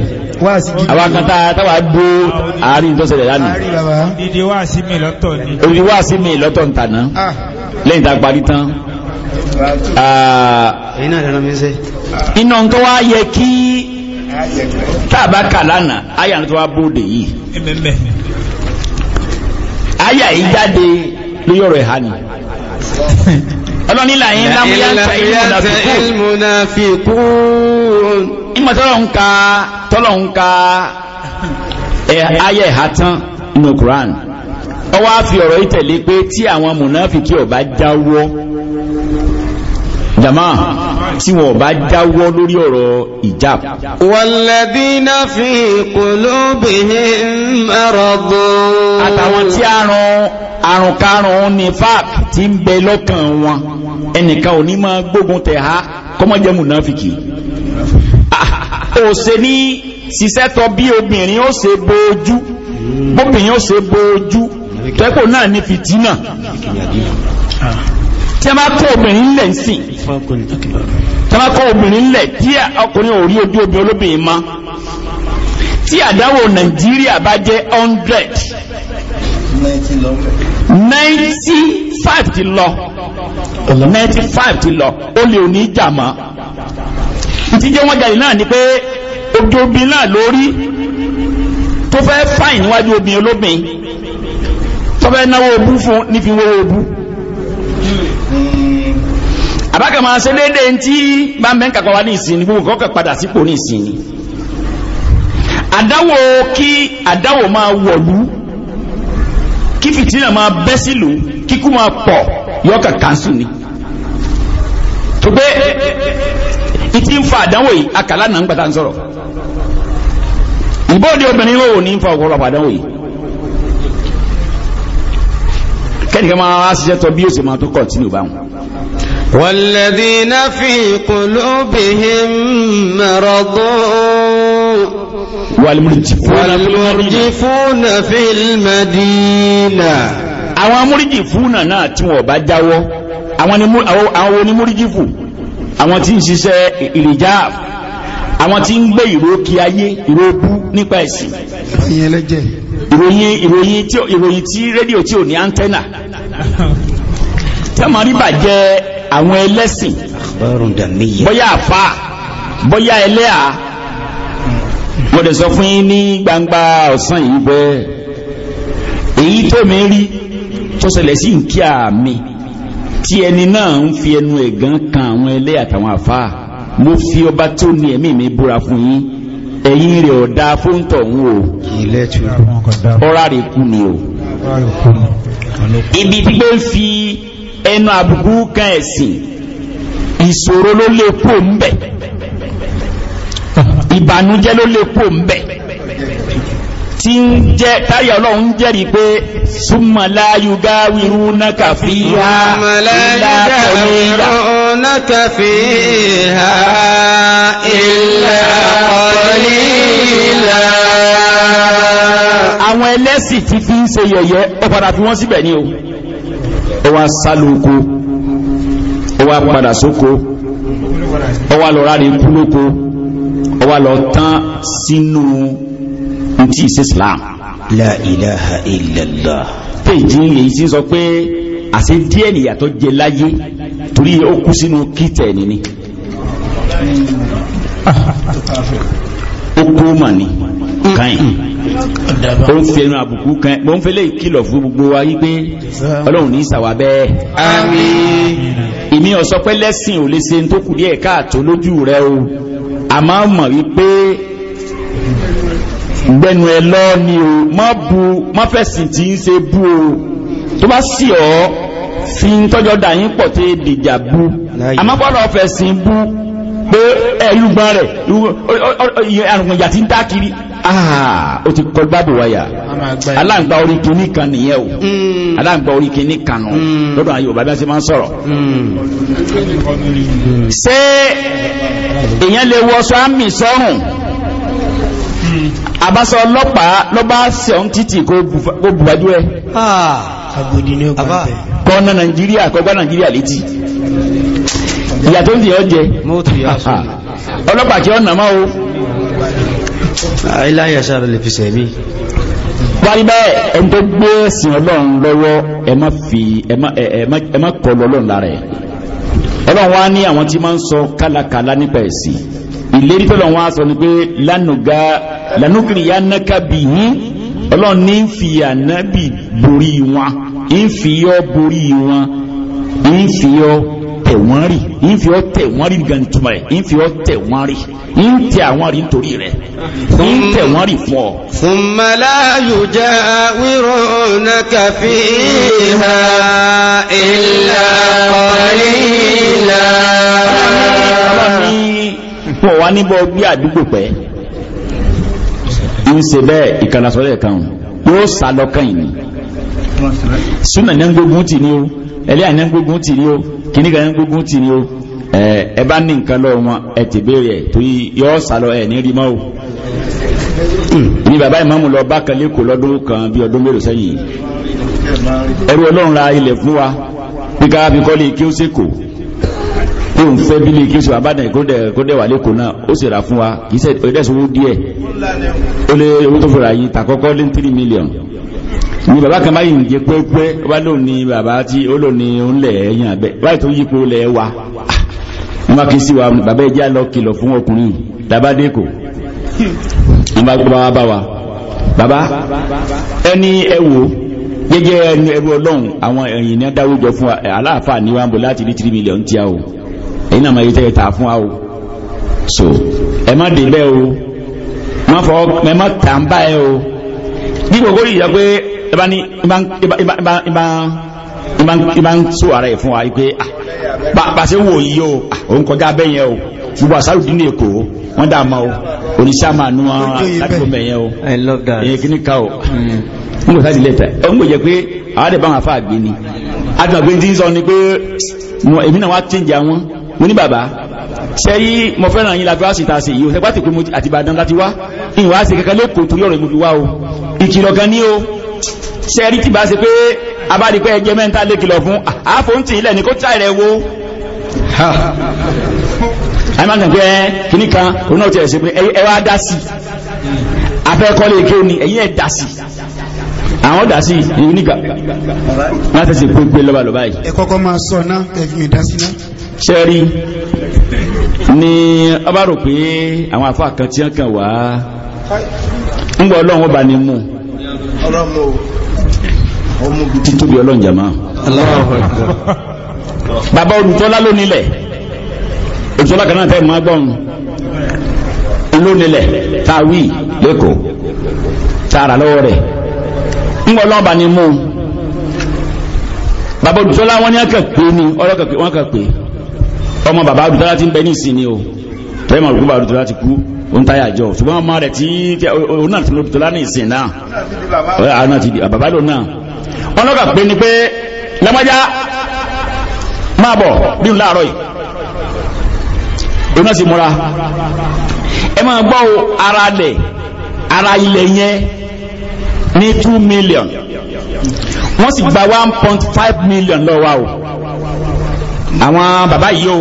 àwọn kan táwa gbó àárín tó ṣẹlẹ̀ lánàá odidi wáàsí mi lọ́tọ̀ ni odidi wáàsí mi lọ́tọ̀ ń tàná ah. lẹ́yìn tá a parí tán ah. iná tó wá yẹ kí tàbá kà lánàá ayà tó wá bóde yìí ayà yìí jáde lórí ọ̀rọ̀ ẹ̀há ni ọlọ́nìlà yìí lámúyàtẹ̀ ìlmùnàfikún ìmọ̀ tọ́lọ̀ ń ka tọ́lọ̀ ń ka ayẹ̀ ẹ̀há tán ọ̀rọ̀ yìí pé tí àwọn mùnàfikí ọba jáwọ́ jama tí wọ́n bá dáwọ́ lórí ọ̀rọ̀ ìjáb walladhina fi qulubihim maradun àtàwọn tí àrùn àrùnkárùn ní fap tí ń bẹ lọ́kàn wọn ẹnìkan ò ní máa gbógun tẹ̀ ha kọ́mọ́jẹ́ mùnáfìkì ó ṣe ní ṣiṣẹ́ tọ́ bí obìnrin ó ṣe bójú bóbìnrin ó ṣe bójú tẹ́kọ̀ náà ní fìtínà tí a máa kọ́ obìnrin lẹ̀ ń sìn tí a máa kọ́ obìnrin lẹ̀ tí ọkùnrin ò rí ojú obìnrin olóbìnrin mọ́ tí àdáwò nàìjíríà bá jẹ́ 100 95 ti lọ 95 ti lọ ó lè òní ìjà mọ́ ìtí jẹ́ wọ́n jáde náà ni pé ojú obìnrin náà lórí tó fẹ́ fáìn níwájú obìnrin olóbìnrin tó fẹ́ náwó obú fún nífi wọ́wọ́ obú. bàbá kan máa ṣe déédéé ń tí bá ń bẹ́ ń kàkọ́ wa ní ìsìn ní gbogbo kọ́kọ́ padà sípò ní ìsìn ni àdáwò kí àdáwò máa wọ̀lú kí fìtínà máa bẹ́ sílùú kíkú máa pọ̀ yọkà kánsù ni tó pé ìtí ń fa àdánwò yìí akàlà náà ń gbàtà ń sọ̀rọ̀ ìbóòdì obìnrin ní fa ọ̀pọ̀lọpọ̀ yìí kẹ́nìkan máa wá bí yóò ṣe máa tó والذين في قلوبهم مرض والمرجفون في المدينة àwọn amúríjìfúnà náà tí wọ́n bá jáwọ́ àwọn onímúríjìfù àwọn tí ń ṣiṣẹ́ ìrìjá àwọn tí ń gbé ìrókì ayé ìróbú nípa ẹ̀sìn ìròyìn tí rédíò tí ò ní antenna tí a máa rí bà jẹ́ àwọn ẹlẹ́sìn bóyá àfà bóyá ẹlẹ́à wọ́n dẹ̀ sọ fún yín ní gbangba ọ̀sán yìí bẹ́ èyí tó mi rí tó ṣẹlẹ̀ sí nkí àmì tí ẹni náà ń fi ẹnu ẹ̀gán kan àwọn ẹlẹ́à àtàwọn àfà mo fi ọba tó ní ẹ̀mí mi búra fún yín ẹ̀yìn rẹ̀ ọ̀dá fóńtọ̀ ń o ọ̀rá rẹ̀ kú ni o ibi tí gbé ń fi ẹnu àbùkù kan ẹ̀sìn ìṣòro ló lè pò ń bẹ̀ ìbànújẹ́ ló lè pò ń bẹ̀ tí ń jẹ́ táyà ọlọ́run jẹ́rìí pé súnmọ̀ láyú gáwìrú náà àwọn ẹlẹ́sì ti ń ṣe yẹ̀yẹ́ ọ̀padà fi wọ́n síbẹ̀ ni o wá sálóko ó wá padà sóko ó wá lọ rárí kú lóko ó wá lọ tán sínú ntí Islam la ilaha illallah péjì èyí sí sọ pé àṣẹ díẹ̀ nìyàtọ̀ jẹ láyé torí ó kú sínú kìtẹ̀ nìní ah. ó O mà ní kan yìí ó ń fi ẹnu àbùkù kan mo ń fi lè kìlọ̀ fún gbogbo wa yí pé ọlọ́run ní ìsàwà bẹ́ẹ̀. àmín. ìmí ọ̀sọ́ pé lẹ́sìn ò lè ṣe tó kù díẹ̀ káàtó lójú rẹ o àmọ́ mọ̀ wípé gbẹnu ẹ lọ ni o má bu má fẹ̀sìn tí ń ṣe bú o tó bá sì ọ́ fi ń tọ́jọ́ dà yín pọ̀ tí dìjà bú àmọ́ gbọ́dọ̀ fẹ̀sìn bú pé ẹ̀lúgbọ́n rẹ̀ àrùn ìyà tí ń dá kiri Ah, ó ti kọ gbábò wáyà aláǹgbà orí kìíní kan nìyẹn o hmm. aláǹgbà orí kìíní kan nù hmm. lọ́dọ̀ ayé ò bàbá sí máa ń sọ̀rọ̀. Hmm. ṣé èèyàn lè wọṣọ àmì sọ́rùn àbáṣọ ọlọ́pàá ló bá sẹ̀hún títì kó bùbájú ẹ. Ah. kọ́nà nàìjíríà kọ́gbà nàìjíríà létí ìyà tó ń di ọjẹ ọlọ́pàá kí ọ̀nà máa o iláyàṣára lè fi sẹ̀mí wárí bẹ́ẹ̀ ẹni tó gbé ẹ̀sìn ọlọ́run lọ́wọ́ ẹ má fi ẹ má kọ lọ́lọ́run lára ẹ̀ ọlọ́run wá ní àwọn tí máa ń sọ kálakàlá nípa ẹ̀sìn ìlérí tó lọ́run wá sọ ni pé lánàgá lánàkìrì yá náka bì í ọlọ́run ní fi ànábì borí wọn ń fi yọ borí wọn ń tẹ̀ wọ́n rí ń fi ọ́ tẹ̀ wọ́n rí gan túmọ̀ ẹ̀ ń ọ́ tẹ̀ wọ́n rí ń àwọn rí nítorí rẹ̀ ń wọ́n rí fún ọ. thumma la yujawirunaka fiha illa qalila. wọ́n wá níbọ̀ gbé àdúgbò pẹ́ ń ṣe bẹ́ẹ̀ ìkànnàsọ́lẹ̀ kan yóò sálọ kan yìí ni súnà ní gbógun tì o ẹlẹ́yà ní gbógun tì o Kini kan gbógun tì ní o ẹ bá ní nǹkan lọ́wọ́ wọn ẹ ti béèrè ẹ̀ torí yọ sálọ ẹ̀ ní rí mọ́ o ní bàbá ìmáàmù lọ bá kan lẹ́kọ̀ọ́ lọ́dún kan bí ọdún mélòó sẹ́yìn ẹrú ọlọ́run ra ilẹ̀ fún wa bí ká bí kọ́lé kí ó sèkò tó ń fẹ́ bílé kí ó sì wà bàdàn kó dẹ̀ wà lẹ́kọ̀ọ́ náà ó sì fún wa kì í sẹ́ ẹ̀dẹ́sowó díẹ̀ ó lé owó tó fura yìí tàkọ́kọ́ lé ní 3 ni bàbá kan báyìí ń jẹ pẹ́pẹ́ wá ló ní bàbá tí ó lò ní oúnlẹ̀ ẹ̀yìn àbẹ́ wáyé tó yípo lẹ̀ wa wọ́n ah, bá kí sí wa bàbá ẹjẹ́ e lọ kìlọ̀ fún ọkùnrin tàbádé kò wọ́n bá gbọ́ bá wa bàbá ẹni ẹwò gẹ́gẹ́ ẹni ẹwò ọlọ́run àwọn ẹ̀yìn ní dáwọ́jọ fún aláàfáà ní wàǹbò láti rí 3 million tí a o ẹ̀yìn náà máa yẹ tẹ́yẹ tà fún a o so ẹ má dé bẹ́ẹ̀ o má fọ ẹ má tà ń bá ẹ o bí gbogbo ìyá pé ìbá ní sọ ara ẹ̀ fún wa pé pàṣẹ ah, wò yí o òun ah, kọjá bẹ́yẹn o gbogbo àṣàrùdí ní èkó wọ́n dá ma o oníṣẹ́ máa nú wọn láti fún o I love that èyí ká o mm. n kò sáà ti lẹ́tà ẹ̀ ń gbèjẹ́ pé àwọn àdìbá wọn afá àgbé ni àdìbá gbé ti ń sọ ni pé èmi náà wá tẹ̀jà wọn mo ní bàbá ṣe yí mo fẹ́ràn yín láti wá sí ìtàsí yìí ò sẹ́gbàtì pé àti Ìbàdàn láti wá ìwà àti kẹkẹ lẹ́kọ̀ọ́ torí ọ̀rọ̀ ìmúfi wá o ìkìlọ̀ gan ni o sẹ́rí tí bá ṣe pé abádìpẹ́ ẹjẹ́ mẹ́ta lè kìlọ̀ fún àáfò ń tì ilẹ̀ ní kó tà rẹ̀ wo àìmáàgbẹ̀ kìíní kan oná ti ẹ̀sẹ̀ pé ẹwà dá sí afẹ́kọ́lé kí o ní ẹ̀yìn ẹ̀ dá sí àwọn dá sí èyí nígbà láti ṣe pé lọ́bàlọ́bà yìí ẹ máa sọ náà ẹ̀fìn ìdá náà sẹ́rí ni ọba rò pé àwọn afọ àkàntí kan wà ń gbọ́ ọlọ́run ọba ni mú ọlọ́mọ ọmọ bí títóbi ọlọ́njàmá bàbá olùtọ́lá lónílẹ̀ olùtọ́lá kan náà tẹ́ máa gbọ́n lónílẹ̀ tàwí lẹ́kọ̀ọ́ tààrà lọ́wọ́ rẹ̀ ńgbọ́ lọ́ba ni mú bàbá olùtọ́lá wọn ní akẹ́kọ̀ọ́ ni ọlọ́kẹ̀kọ̀ wọn kẹ̀kọ̀ọ́ ọmọ bàbá olùtọ́lá ti ń bẹ ní ìsìn ni o tẹ́lẹ̀ mọ̀ olùkú bàbá olùtọ́lá ti kú ń táyà jọ ṣùgbọ́n ọmọ rẹ̀ tí òun náà ti lọ́dún tó lánàá ìsìn náà àwọn ti di bàbá lò náà wọn lọ́gà pé ni pé lẹ́mọ́já máa bọ̀ bí n láàárọ̀ yìí òun sì múra ẹ máa gbọ́ ara lẹ̀ ara ilẹ̀ yẹn ní two million wọ́n sì gba one point five million lọ́wọ́ wa o àwọn bàbá yìí o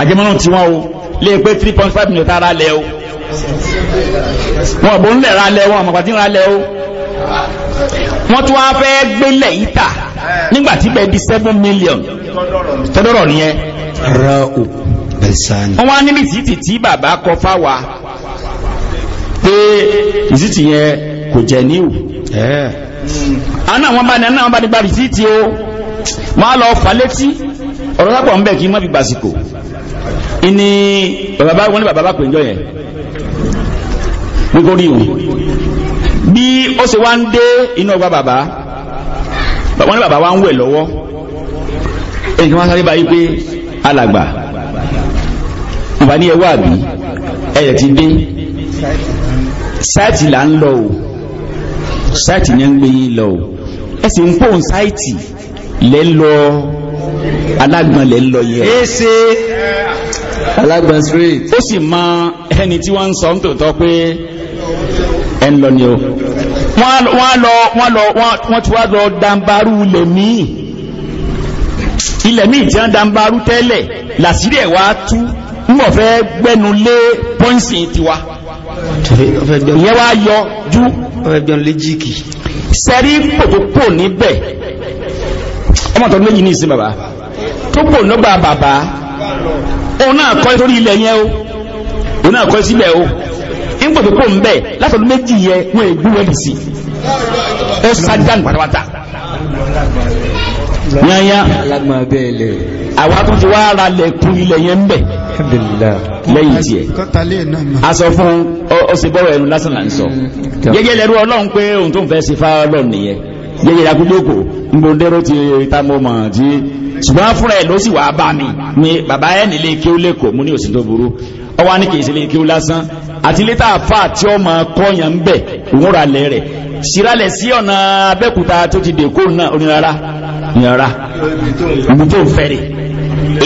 àjẹmọ́nù tiwọn o. lè pé 3.5 million tààrà lẹ o wọn bò ń lẹ̀ ra lẹ wọn àmọ̀pàá ń ra lẹ o tún wá fẹ́ yìí tà bẹ́ẹ̀ 7 million tọ́dọ̀rọ̀ nìyẹn wọ́n wá níbi títì tí bàbá kọ fáwa pé ìsìtì yẹn kò jẹ níwò eh. àná wọn bá ní àná bá ní o wọn á lọ fà létí ọ̀rọ̀ sápọ̀ ń bẹ̀ kí n má fi Ini bàbá wọn ní bàbá bá pè ń jọ yẹn nítorí o bí ó ṣe wá ń dé inú ọgbà bàbá wọn ní bàbá wa ń wẹ̀ lọ́wọ́ ẹnìkan wá sáré báyìí pé alàgbà bàbá ní ẹwà àbí ẹ̀yẹ̀ ti dé sáìtì là ń lọ o sáìtì ní ń gbé yín lọ o ẹ sì ń pòun sáìtì lẹ́ lọ́ọ́ alágbọ̀nlẹ̀ ń lọ yẹ. èsè alágbọ̀n street. ó sì mọ ẹni tí wọ́n ń sọ nítòótọ́ pé ẹ ń lọ ni o. wọ́n lọ wọ́n lọ wọ́n ti wá lọ dambaru ilẹ̀ míì ilẹ̀ míì tí wọ́n dambaru tẹ́lẹ̀ làṣírí ẹ̀ wá tú mọ̀ fẹ́ gbẹ́nu lé pọ́ǹsì tiwa ìyẹn wá yọ jú sẹ́rí pòtòpò níbẹ̀ ọmọ tọdún méjì ní ìsìn bàbá tó pò lọ́gbà bàbá òun náà kọ́ sórí ilẹ̀ yẹn o òun náà kọ́ sílẹ̀ o ń pòtò pò ń bẹ̀ látọdún méjì yẹn wọ́n ègbú wẹ́lì sí ó sájà pátápátá yányá àwa tó ti wá ara lẹ̀kùn ilẹ̀ yẹn ń bẹ̀ lẹ́yìn tí ẹ̀ a sọ fún ọsẹ bọ́rọ̀ ẹnu lásán là ń sọ mm. gẹ́gẹ́ lẹ́rú ọlọ́run pé ohun tó ń fẹ́ sí fáwọn ọlọ́run nìyẹn yẹ́yẹ́ yakúdókò ń bó dẹ́rọ ti tamọ́mọ̀ tí ṣùgbọ́n fúnra ẹ̀ ló sì wàá bá mi ni bàbá ẹ̀ nílé kí ó lẹ́kọ̀ọ́ mú ní òsì tó burú ọwọ́ ní kì í ṣe lè kí ó lásán àti létà àfà tí ọmọ kọyàn ń bẹ̀ òun ra rẹ̀ ṣíralẹ̀ sí ọ̀nà abẹ́kúta tó ti dè kóòrùn náà onírara nírara ibi tó ń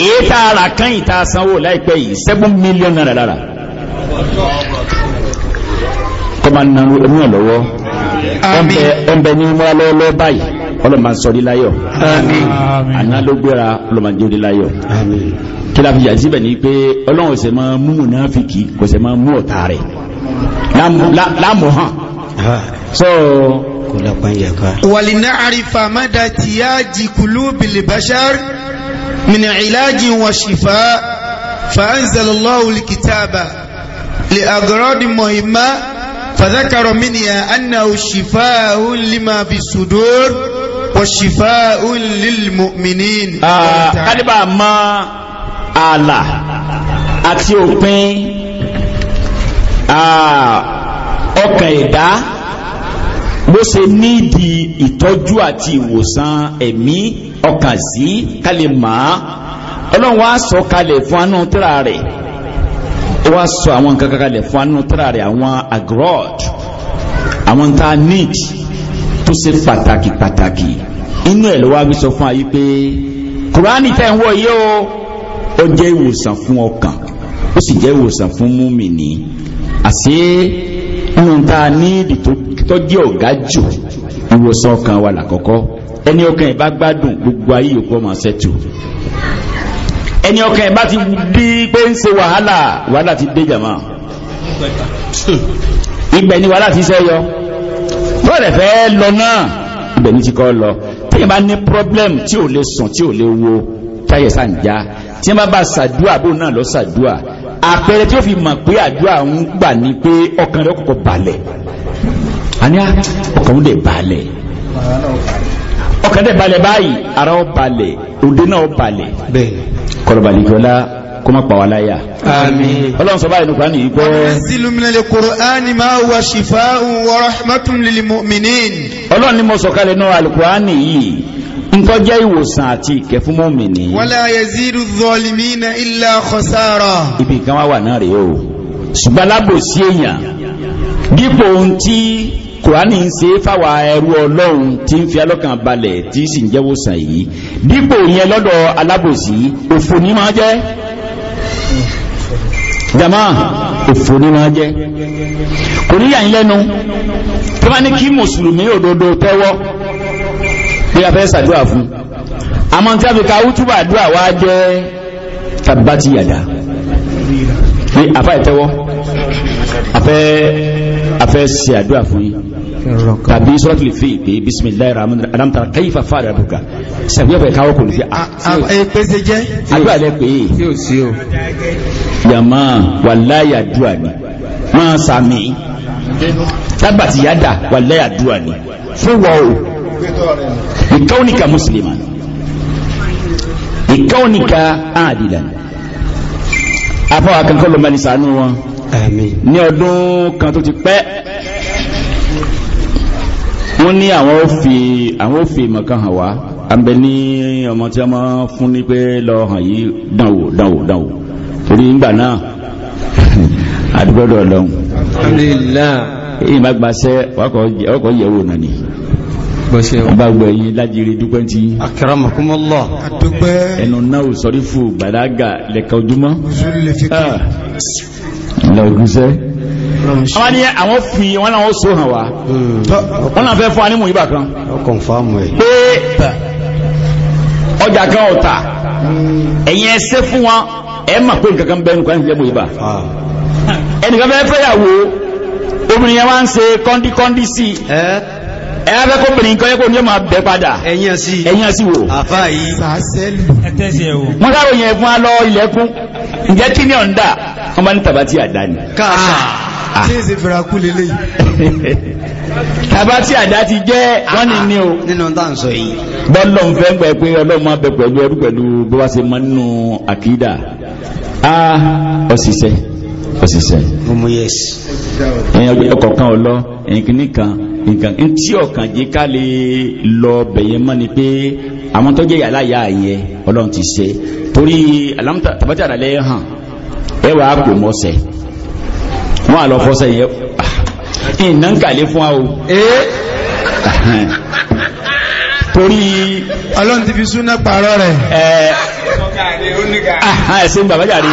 èyí tá a rà kán ìta sanwó láìpẹ́ yìí seven million naira lára kọ́ máa ń nanú ẹ̀mú ẹ̀ lọ́wọ́ ọ̀nbẹ ní múra báyìí ọlọ́mà sọ láyọ̀ àná ọlọ́mà jó láyọ̀ kí la fi yà síbẹ̀ ni pé ọlọ́run ṣe máa mú mùnáfìkì kò ṣe máa mú ọ̀tá rẹ̀ láàmú hàn so kula kwanja ka walina arifa mada tiyaji kulubi libashar min ilaji wa shifa fa anzala Allahu alkitaba li agradi muhimma فذكر منها أنه شفاء لما في الصدور وشفاء للمؤمنين قلبا ما على àti òpin ah, ọkàn ẹ̀dá bó ṣe nídi ìtọ́jú àti ìwòsàn ẹ̀mí ọkàn sí kalẹ̀ máa ọlọ́run wá sọ kalẹ̀ fún anú tíra rẹ̀ ó wá sọ àwọn nǹkan kankanlẹ̀ fún anú tíra rẹ̀ àwọn agrod àwọn tá a need tó ṣe pàtàkì pàtàkì inú ẹ̀ ló wá gbé sọ fún ayé pé kùránì tẹ̀ ń wọ̀ yìí o ó jẹ́ ìwòsàn fún ọkàn ó sì jẹ́ ìwòsàn fún múmìnì àṣé inú tá a need tó jẹ́ ọ̀gá jù ìwòsàn ọkàn wà lákọ̀ọ́kọ́ ẹni ọkàn ìbá gbádùn gbogbo ayé yòókù ọmọ ṣẹ́tù ẹni ọkàn ẹ̀ bá ti di pé ń ṣe wàhálà wàhálà ti dé jàmá ibẹ̀ ni wàhálà ti sẹ́yọ bọ́ọ̀dẹ̀ fẹ́ lọ náà ibẹ̀ ni ti kọ́ lọ téèyàn bá ní problem tí ò lè sùn tí ò lè wo táyẹ̀ sàn já tí wọ́n bá ṣàdúà bó náà lọ ṣàdúà àpẹẹrẹ tí ó fi mọ̀ pé àdúà ń gbà ní pé ọkàn rẹ̀ kọ́kọ́ balẹ̀ àní ah, ọkàn ń lè balẹ̀ ọkàn dẹ̀ balẹ̀ báyìí ara ó balẹ̀ òde náà ó balẹ̀ kọlọ̀bàlì jọlá kó má pa wá láyà. àmín. ọlọ́run sọ báyìí nípa nìyí pé. qur'ani ma huwa shifaa'un wa rahmatun lil mu'minin. ọlọ́run ni mo sọ̀kalẹ̀ náà alukur'ani yìí nǹkan jẹ́ ìwòsàn àti ìkẹ́ fún mọ́mìnì. wala yazidu zalimina illa khasara. ibi kan wá wà náà rèé o ṣùgbọ́n alábòsí èèyàn dípò ohun tí kùránì ń ṣe fáwa ẹrú ọlọ́run tí ń fi alọ́kàn balẹ̀ tí sì ń jẹ́wọ́ sàn yìí dípò yẹn lọ́dọ̀ alábòsí òfò máa jẹ́ jama òfò ní máa jẹ́ kò ní yà ń lẹ́nu tó bá ní kí mùsùlùmí òdodo tẹ́wọ́ bí a fẹ́ ṣàdúrà fún àmọ́ tí a fi ka útúbà àdúrà wá jẹ́ tàbátì yàdá ní àfáìtẹ́wọ́ afẹ́ afẹ́ ṣe àdúrà fún yín tàbí sọ́rọ̀tìlì fi ìpé bismillahir rahmanir rahim alam tara kayfa fara buka sàgbẹ́fẹ́ káwọ́ kò ní fi àpẹẹsẹ jẹ́ àdúrà lẹ́ pé yàmá wallahi àdúrà ni máa sàmì tábàtì yádà wallahi àdúrà ni fún wọ́ọ̀ ìkọ́nìkà mùsùlùmá ìkọ́nìkà àdìlà afọ́ akẹ́kọ̀ọ́ lọ́mọ ní sàánú wọn ní ọdún kan tó ti pẹ́ wọ́n ní àwọn ó fi àwọn ó fi mọ̀kan hàn wá àbẹ̀ ní ọmọ tí wọ́n máa fún ní pé lọ hàn yìí dánwò dánwò dánwò torí nígbà náà àdúgbọ́dọ̀ lọ́hùn. alhamdulillah èyí bá gbaṣẹ́ ọkọ̀ yẹ̀wò náà ni bágbẹ̀ yìí lájírí dúpẹ́ tí ẹnu náà sọrí fún gbàdágà lẹ́kọ̀ọ́dúnmọ́ lọ́gbíṣẹ́ àwọn ni àwọn fi wọ́n náà só hàn wá hmm. wọ́n náà fẹ́ fún anímù ìbà kan pé ọjà kan ọ̀tà ẹ̀yìn ẹsẹ́ fún wọn ẹ mà pé nǹkan kan bẹ́ẹ̀ nǹkan ìjẹ́mù ìbà ah. ẹnìkan fẹ́ fẹ́yàwó obìnrin yẹn wá ń ṣe kọ́ndíkọ́ndí sí i ẹ á fẹ́ kó bìnrin kan yẹ́ kó ní ọmọ abẹ padà ẹ̀yìn sí wò wọ́n sáré yẹn fún alọ́ ilẹ̀kùn ǹjẹ́ kí ni ọ̀ndà wọ́n bá ní tàbátì àdá ni. káàkà ah. tí èsì fẹ́ra kú lélẹ̀ yìí. tàbátì àdá ti jẹ́ wọ́n ní ní o. Ah, ah, nínú tá à ń sọ yìí. bọ́lọ̀ ń fẹ́ gbẹ pé ọlọ́run máa bẹ pẹ̀lú ẹrú pẹ̀lú bí wọ́n ṣe máa nínú àkídà ọ̀ṣìṣẹ́ òṣìṣẹ́ ẹ̀yìn ọgbẹ́kọ̀ kan ọlọ́ ẹ̀yìn kìíní kan nǹkan tí ọ̀kan jẹ́ ká lè lọ bẹ̀yẹn mọ́ ni pé àwọn tó jẹ́ aláya yẹ ọlọ́run ti ṣe torí tàbátì àdàlẹ́ hàn ẹ wàá pò mọ́sẹ̀ wọ́n àlọ́ fọ́sẹ̀ yẹ ah, ìná ń kàlẹ́ fún wa o torí ọlọ́run ti fi súná pààrọ̀ rẹ̀ ẹ̀ẹ́ eh, ah, ẹ̀sìn bàbá jàre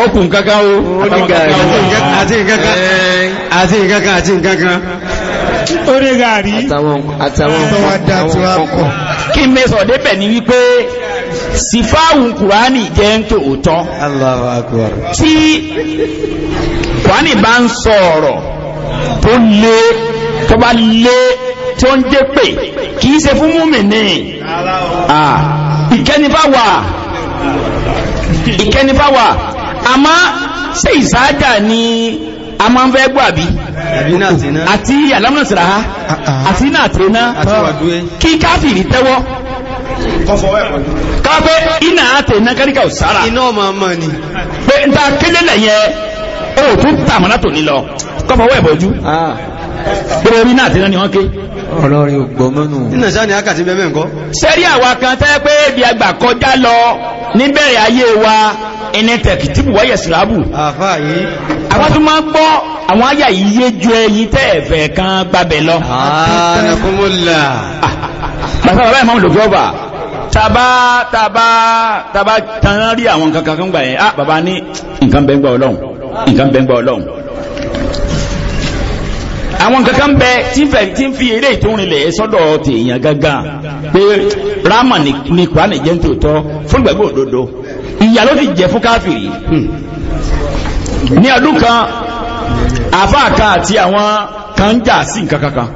ọkùn kankan o àti nkankan àti nkankan eh. àti nkankan ó rí gàrí àtàwọn ọkọ̀ kí mẹ́sọ̀ débẹ̀ ní wípé sífáàwùn kùránì jẹ́ ń tó òótọ́ Allahu Akbar tí kùránì bá ń sọ ọ̀rọ̀ tó lé tó bá lé tó ń jẹ́ pé kì í fún múmìnì ah, ìkẹ́nifá wà ìkẹ́nifá àmọ́ ṣe ìsáájà ni a máa ń fẹ́ gbọ́ àbí àti alámọ̀sára ah, ah, ah. àti náà tẹ̀ náà kí káfìrí tẹ́wọ́ káfẹ́ iná àtẹ̀ náà káríkà òsára iná ọmọ ọmọ ni pé n ta kélé lẹ̀yẹ ó tún tàmọ́nà tò ní lọ ẹ̀bọ̀jú gbogbo orí náà tẹ́lá ni wọ́n ké ọlọ́rin ògbọ́mọ́nù nínú sáà ni àkàtí bẹ́ẹ̀ mẹ́ǹkọ́ sẹ́rí àwa kan tẹ́ pé ibi àgbà kọjá lọ níbẹ̀rẹ̀ ayé wa ẹni tẹ̀kì tí bùwá yẹ̀ síláàbù àwọn tó máa ń gbọ́ àwọn àyà yìí yé ju ẹyin tẹ́ ẹ̀fẹ̀ kan gbabẹ̀ lọ. bàbá bàbá ìmọ̀ lògbọ́ bà tàbá tàbá tàbá tàn rí àwọn kankan kan gbà yẹn ah bàbá ní nǹkan bẹ́ẹ̀ gbà ọlọ́run nǹkan bẹ́ẹ̀ gbà ọlọ́run àwọn kankan bẹ tí ń fi eré ìtòrinlẹ̀ sọ́dọ̀ tèèyàn gangan pé rámà ní kùránì jẹ́ tòótọ́ fún ìgbàgbọ́ òdodo ìyà ló ti jẹ́ fún káfìrí hmm. ní ọdún kan àfáàkà àti àwọn kan ń jà sí nǹkan kankan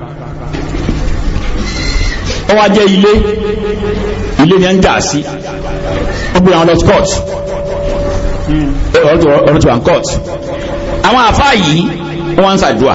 ó wá jẹ́ ilé ilé ni a ń jà sí ó àwọn lọ ọ̀rọ̀ tí wà ń àwọn àfáà yìí wọ́n ń ṣàdúà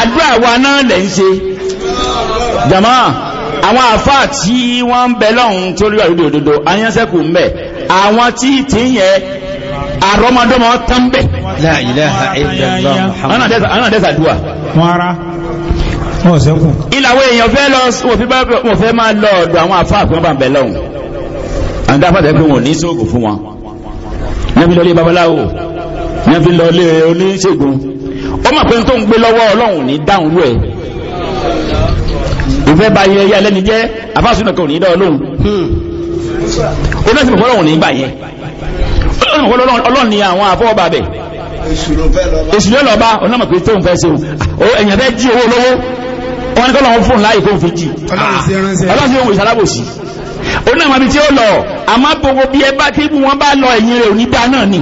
àdúrà wa náà lẹ̀ ń ṣe jama àwọn àfà tí wọ́n ń bẹ lọ́hùn tó rí àrúdò òdodo ayánsẹ́kù ń bẹ àwọn tí tí yẹ àrọmọdọ́mọ tán bẹ la ilaha illallah ana dẹ́sà dùwà mọ́ra ìlàwọ̀ èèyàn fẹ́ lọ wọ́n fẹ́ máa lọ ọ̀dọ̀ àwọn àfà àfihàn bá ń bẹ lọ́hùn àǹdá fàtẹ́ pé wọn ò ní sóògùn fún wọn ní fi lọ lé babaláwo ní fi lọ lé oníṣègùn ó mọ̀ pé tó ń gbé lọ́wọ́ ọlọ́run ní dáhùn rú ẹ̀ ìfẹ́ bá yẹ yẹ lẹ́ni jẹ́ afásùn náà kò ní dá ọlọ́run ó náà sì mọ̀ ọlọ́run ní gbà yẹn ọlọ́run ni àwọn àfọwọ́bà bẹ̀ èsù ló lọ́ba ọ̀nà mọ̀ pé tó ń fẹ́ ṣe o ẹ̀yàn fẹ́ jí owó lọ́wọ́ wọn ní kọ́lọ́run fún láì kó ń fi jì ọlọ́run sì ń wò ìsalábòsí ó náà mọ̀bí tí ó lọ àmọ́ gbogbo bí ẹ bá tí wọ́n bá lọ ẹ̀yìn rẹ̀ ò dá náà ni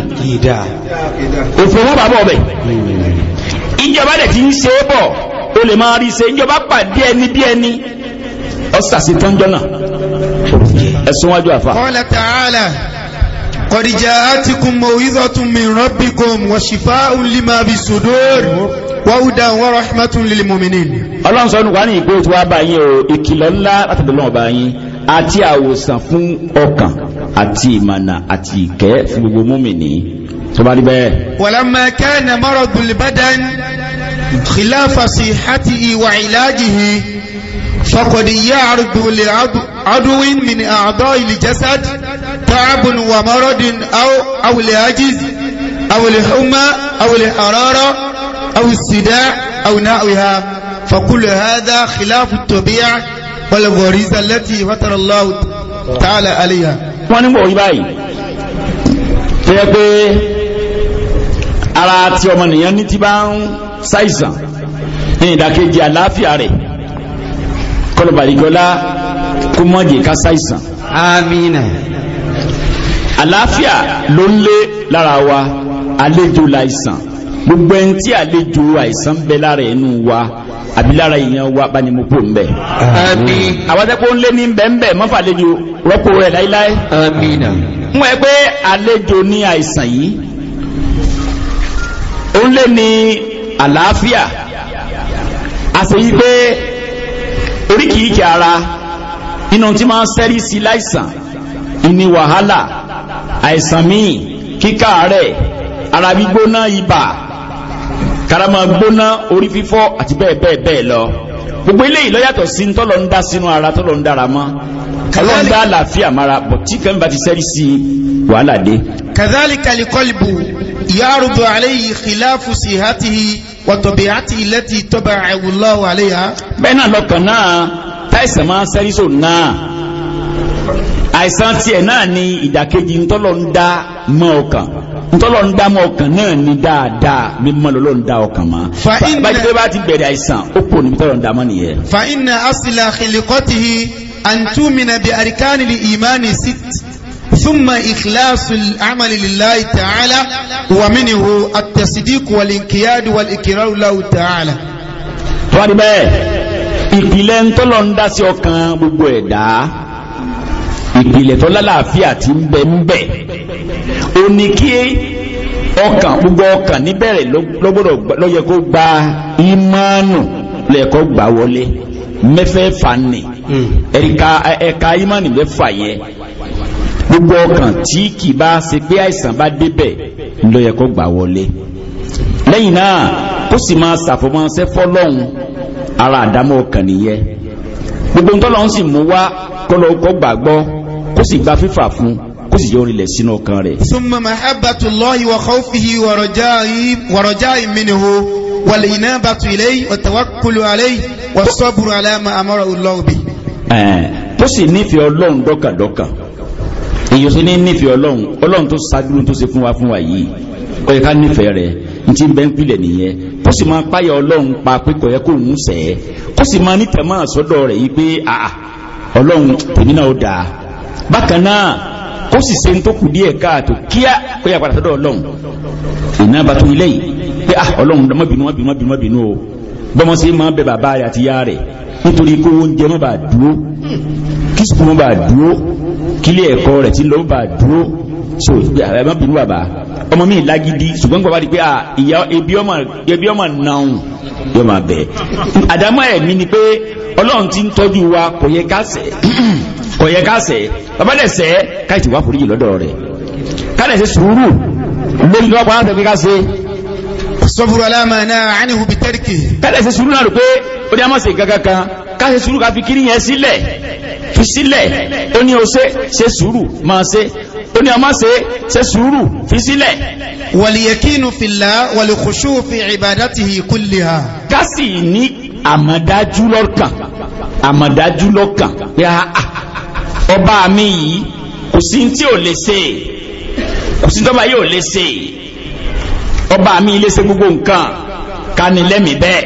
òfin wọn bàbá ọbẹ̀ ìjọba dẹ̀ ti ń ṣe é bọ̀ o lè máa rí ṣe ìjọba pàdé ẹni bí ẹni ọ́sàsì tọ́njọ́ náà ẹ̀sùn wájú àfà. Qala ta'ala qad ja'atkum maw'izatun min rabbikum wa shifa'un lima fi sudur wa hudan wa rahmatun lil mu'minin. ọlọ́run sọ nù wá ní ìpè tí wàá bá yín o ìkìlọ̀ ńlá látọ̀dọ̀ náà yín àti àwòsàn fún ọkàn àti ìmọ̀nà àti ìkẹ́ fún gbogbo mùmínì tó bá rí bẹ́ẹ̀. wàlámà kẹ́ẹ̀nà mọ́rọ̀ dùlìbádán kìláfà sí àti ìwà ìlàjìhì fọkọ̀dì yá àrùdùlì adúwín min àdọ́ ìlì jẹ́sàd tààbùn wà mọ́rọ̀dìn àwùlẹ̀ ajiz àwùlẹ̀ huma àwùlẹ̀ àrọ́rọ́ àwùsídá àwùnáwìhá فكل هذا خلاف الطبيعة والغريزة التي فطر الله تعالى عليها wọ́n ní bọ̀ rí báyìí pé ara tí ọmọnìyàn ní ti bá ń ṣàìsàn ní ìdàkejì àlàáfíà rẹ̀ kọlọ̀bàdìgọ́lá kó mọ́jì ká ṣàìsàn àmìnà àlàáfíà ló ń lé lára wa àlejò láìsàn gbogbo ẹni tí àlejò àìsàn bẹ lára ẹnu wa àbí lára èèyàn wa bá ní mo pò ń bẹ̀. àmín. àwọ́tẹ́pọ̀ ń lé ní bẹ́ẹ̀nbẹ́ mọ́fà àlejò rọ́pò rẹ̀ láíláí. àmín. mú ẹ pé àlejò ní àìsàn yìí ó ń lé ní àlàáfíà àti wípé oríkìíkì ara inú tí máa ń sẹ́rí sí láìsàn ìní wàhálà àìsàn míì kíkà rẹ̀ ara gbígbóná ibà karama gbóná orí fífọ́ àti bẹ́ẹ̀ bẹ́ẹ̀ bẹ́ẹ̀ lọ gbogbo eléyìí ló yàtọ̀ sí tọ́lọ ń dá sínú ara tọ́lọ ń dára mọ́ tọ́lọ ń dá àlàáfíà mara bọ̀ tí kan bá ti sẹ́rí sí wàhálà dé. kàdálì kàlíkọ́lì يعرض عليه خلاف صحته وطبيعته التي طبعه الله عليها بين لوكنا تايسا ما سريسو نا àìsàn tiẹ̀ náà ni ìdàkejì ntọ́lọ́ ń dá mọ́ ọkàn ntọ́lọ́ ń dá mọ́ ọkàn náà ni dáadáa mímọ́ lọ́lọ́ ń dá ọkàn mọ́. fa pé bá ti bẹ̀rẹ̀ àìsàn ó pò níbi tọ́lọ́ ń dá mọ́ nìyẹn. fa inna asila khilikọ́tìhì antumina bi arikani imani sit ثم إخلاص العمل لله تعالى ومنه التصديق والانقياد والإكرار له تعالى wọ́n bẹ́ẹ̀ ìpìlẹ̀ ń tọ́lọ̀ ń dá sí ọkàn gbogbo ẹ̀dá ìpìlẹ̀ tó lálàáfíà ti ń bẹ ń ọkàn gbogbo ọkàn níbẹ̀rẹ̀ lọ́gbọ́dọ̀ lọ́yẹ kó gba ìmánù lẹ́ẹ̀kọ́ gbà wọlé mẹ́fẹ́ fani hmm. ẹ̀ka ìmánì mẹ́fà yẹn gbogbo ọkàn tí kì bá ṣe pé àìsàn bá débẹ̀ ló yẹ kó gbà wọlé lẹ́yìn náà kó sì máa ṣàfọmọṣẹ́ fọlọ́hún ara àdámọ́ ọkàn nìyẹn gbogbo ntọ́lọ́ ń sì mú wá kọ́lọ́ kọ́ gbàgbọ́ kó sì gba fífà fún kó sì yọ orílẹ̀ sínú ọkàn rẹ̀. summa mahabbatullahi wa khawfihi wa raja'i minhu wal inabatu ilayhi wa tawakkulu alayhi wa sabru ala ma amara Allahu bi. tó sì nífẹ̀ẹ́ ọlọ́run dọ́kàdọ́kà èyí ò sí ní nífẹ̀ẹ́ ọlọ́run ọlọ́run tó ṣáájú tó ṣe fún wa fún wa yìí ó yẹ ká nífẹ̀ẹ́ rẹ̀ n ti bẹ́ ń pilẹ̀ nìyẹn kó sì máa páyà ọlọ́run pa pé kò yẹ kó ń sẹ̀ ẹ́ kó sì máa nítẹ̀ máa sọ́dọ̀ rẹ̀ yìí pé àà ọlọ́run tèmi náà ó dáa bákan náà kó sì ṣe ń tó kù díẹ̀ káàtó kíá kó yà padà sọ́dọ̀ ọlọ́run ìná bàtú ilé yìí pé à ọlọ́run má bínú má bínú má bínú má bínú o bọ́mọ sí máa bẹ bàbá rẹ̀ àti yá rẹ̀ nítorí kó oúnjẹ má bàa dúró kí sùkúrú má bàa dúró kílé ẹ̀kọ́ rẹ̀ tí ló bá dúró so ẹ̀mọ́ bínú bàbá ọmọ mi lágídí ṣùgbọ́n bàbá di pé ah, ìyá ebi ọmọ náà yóò máa bẹ̀ àdámọ́ ẹ̀mí ni pé ọlọ́run ti ń tọ́jú wa kò yẹ ká ṣẹ̀ kò yẹ ká ṣẹ̀ bàbá dẹ̀ ṣẹ̀ káyìí ti wá foríjì lọ́dọ̀ rẹ̀ kálẹ̀ ṣe sùúrù lórí lọ́pàá láti fi ká ṣe sọ́fúrú aláàmàná àníhù bí tẹ́rìkì kálẹ̀ ṣe sùúrù náà rò pé ó dí a fi sílẹ̀ ó ní o ṣe ṣe sùúrù máa ṣe ó ní ọmọ ṣe ṣe sùúrù fi sílẹ̀. wàlìyẹ̀kínu fìlà wàlìkùṣù fi ibadatihi kulliha. kásì ní àmọ̀dájú lọ́kàn àmọ̀dájú lọ́kàn pé ah, ah, ọba mi yìí kò sí tí ò lè ṣe kò sí tọ́ba yìí ò lè ṣe ọba mi lè ṣe gbogbo nǹkan ká ní lẹ́mìí bẹ́ẹ̀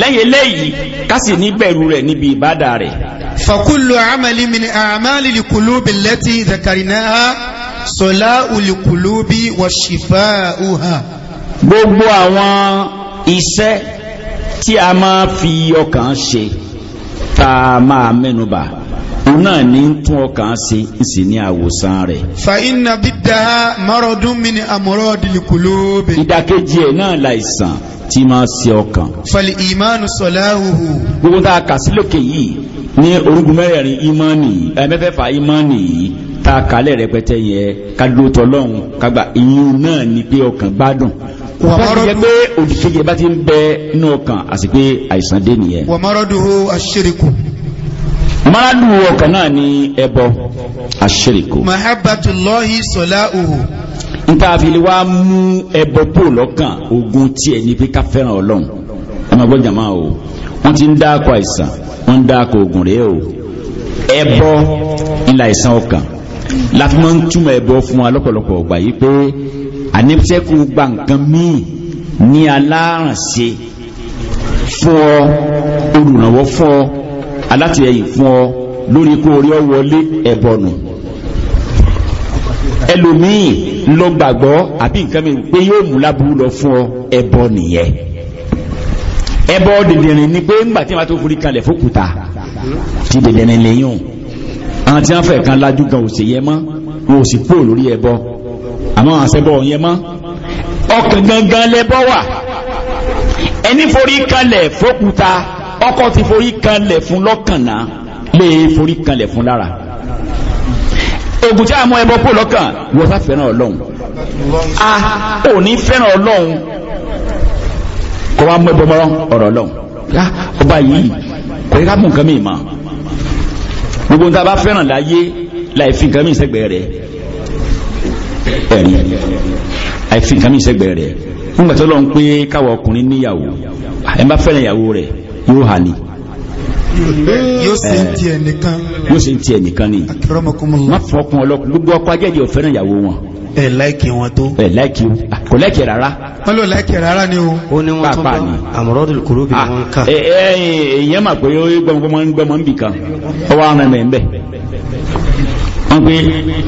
lẹ́yìn eléyìí ká sì ní bẹ̀rù rẹ̀ níbi ìbádà rẹ̀. fakullu amali min amali likulubi lati zakarinaha sola ulikulubi wa shifa uha. gbogbo àwọn iṣẹ́ tí a máa fi ọkàn ṣe tá a máa mẹ́nubà náà ní tún ọkàn ṣe ń sì ní àwòsàn rẹ̀. fa inna bidda marodun min amurodi likulubi. ìdàkejì ẹ̀ náà láìsàn tí máa ṣe ọkàn. fali imanu sọláhùhù. gbogbo tá a kà sí lókè yìí ní orúkú mẹ́rẹ̀ẹ̀rin imani ẹ̀mẹ́fẹ̀fà imani yìí tá a kàlẹ̀ rẹpẹtẹ yẹ ká dúró tọlọ́hún ká gba ìyún náà ní pé ọkàn gbádùn. wàmọ́rọ́dù jẹ́ pé òdìkejì bá ti ń bẹ inú ọkàn àti pé àìsàn dé nìyẹn. wàmọ́rọ́dù aṣíríkù. mọ́rọ́dù ọkàn náà ní ẹbọ aṣíríkù. mahabbatullahi sọláhùhù n ta fi wá mú ẹbọ kó lọ́kàn ogun tiẹ̀ ní pé ká fẹ́ràn ọlọ́run ẹ máa gbọ́ jàmá o wọ́n ti ń dáko àìsàn wọ́n ń dáko ogun rèé o ẹbọ ńlá àìsàn ọkàn láti máa ń fún wa lọ́pọ̀lọpọ̀ ọgbà yìí pé àníṣẹ́kù gba nǹkan míì ní alárànṣe fún ọ olùrànwọ́ fún ọ alátìlẹyìn fún ọ lórí kó orí ọ wọlé ẹbọ nù. E ẹlòmíì lọ gbàgbọ́ àbí nǹkan mi pé yóò mú láburú lọ fún ọ ẹbọ nìyẹn ẹbọ dìndìnrín ni pé ńgbà tí wọn tó forí kalẹ̀ fókùtà ti dìndìnrín lẹ́yìn àwọn tí wọn fẹ́ kan lájú gan òsè yẹ mọ́ wọn ò sì kúrò lórí ẹbọ àmọ́ àṣẹbọ yẹn mọ́ ọkàn gangan lẹbọ wà ẹni forí kalẹ̀ fókùtà ọkọ ti forí kalẹ̀ fún lọ́kànnà lè forí kalẹ̀ fún lára ogun tí a mọ ẹbọ pò lọ́kàn wọ́n fà fẹ́ràn ọlọ́run a ah. ah, ò ní fẹ́ràn ọlọ́run kò wá mọ ẹbọ mọ́ ọ̀rọ̀ ọlọ́run ọba yìí kò yẹ ká mú nǹkan mìíràn gbogbo nǹkan bá fẹ́ràn láyé láì fi nǹkan mìíràn sẹ́gbẹ̀ẹ́ rẹ̀ ẹ̀rí láì fi nǹkan mìíràn sẹ́gbẹ̀ẹ́ rẹ̀ nígbà tó lọ́n pé káwọ ọkùnrin níyàwó ẹ̀ bá fẹ́ràn ìyàwó rẹ̀ yóò hà ní yóò sì ń tiẹ̀ nìkan yóò sì ń tiẹ̀ nìkan ni má fọkùn ọlọ́kùn gbogbo ọkọ̀ ajẹ́jẹ́ ò fẹ́ràn ìyàwó wọn ẹ̀ láìkì wọn tó ẹ̀ láìkì o ah, kò láìkì rárá wọ́n lò láìkì rárá ni o ó ní wọ́n tún bá àmọ́rọ́dù kúrò bí wọ́n ká èèyàn mà pé ó gbọmọgbọmọ ń bì kan ọwọ́ ara mẹ́ ń bẹ̀ wọ́n pé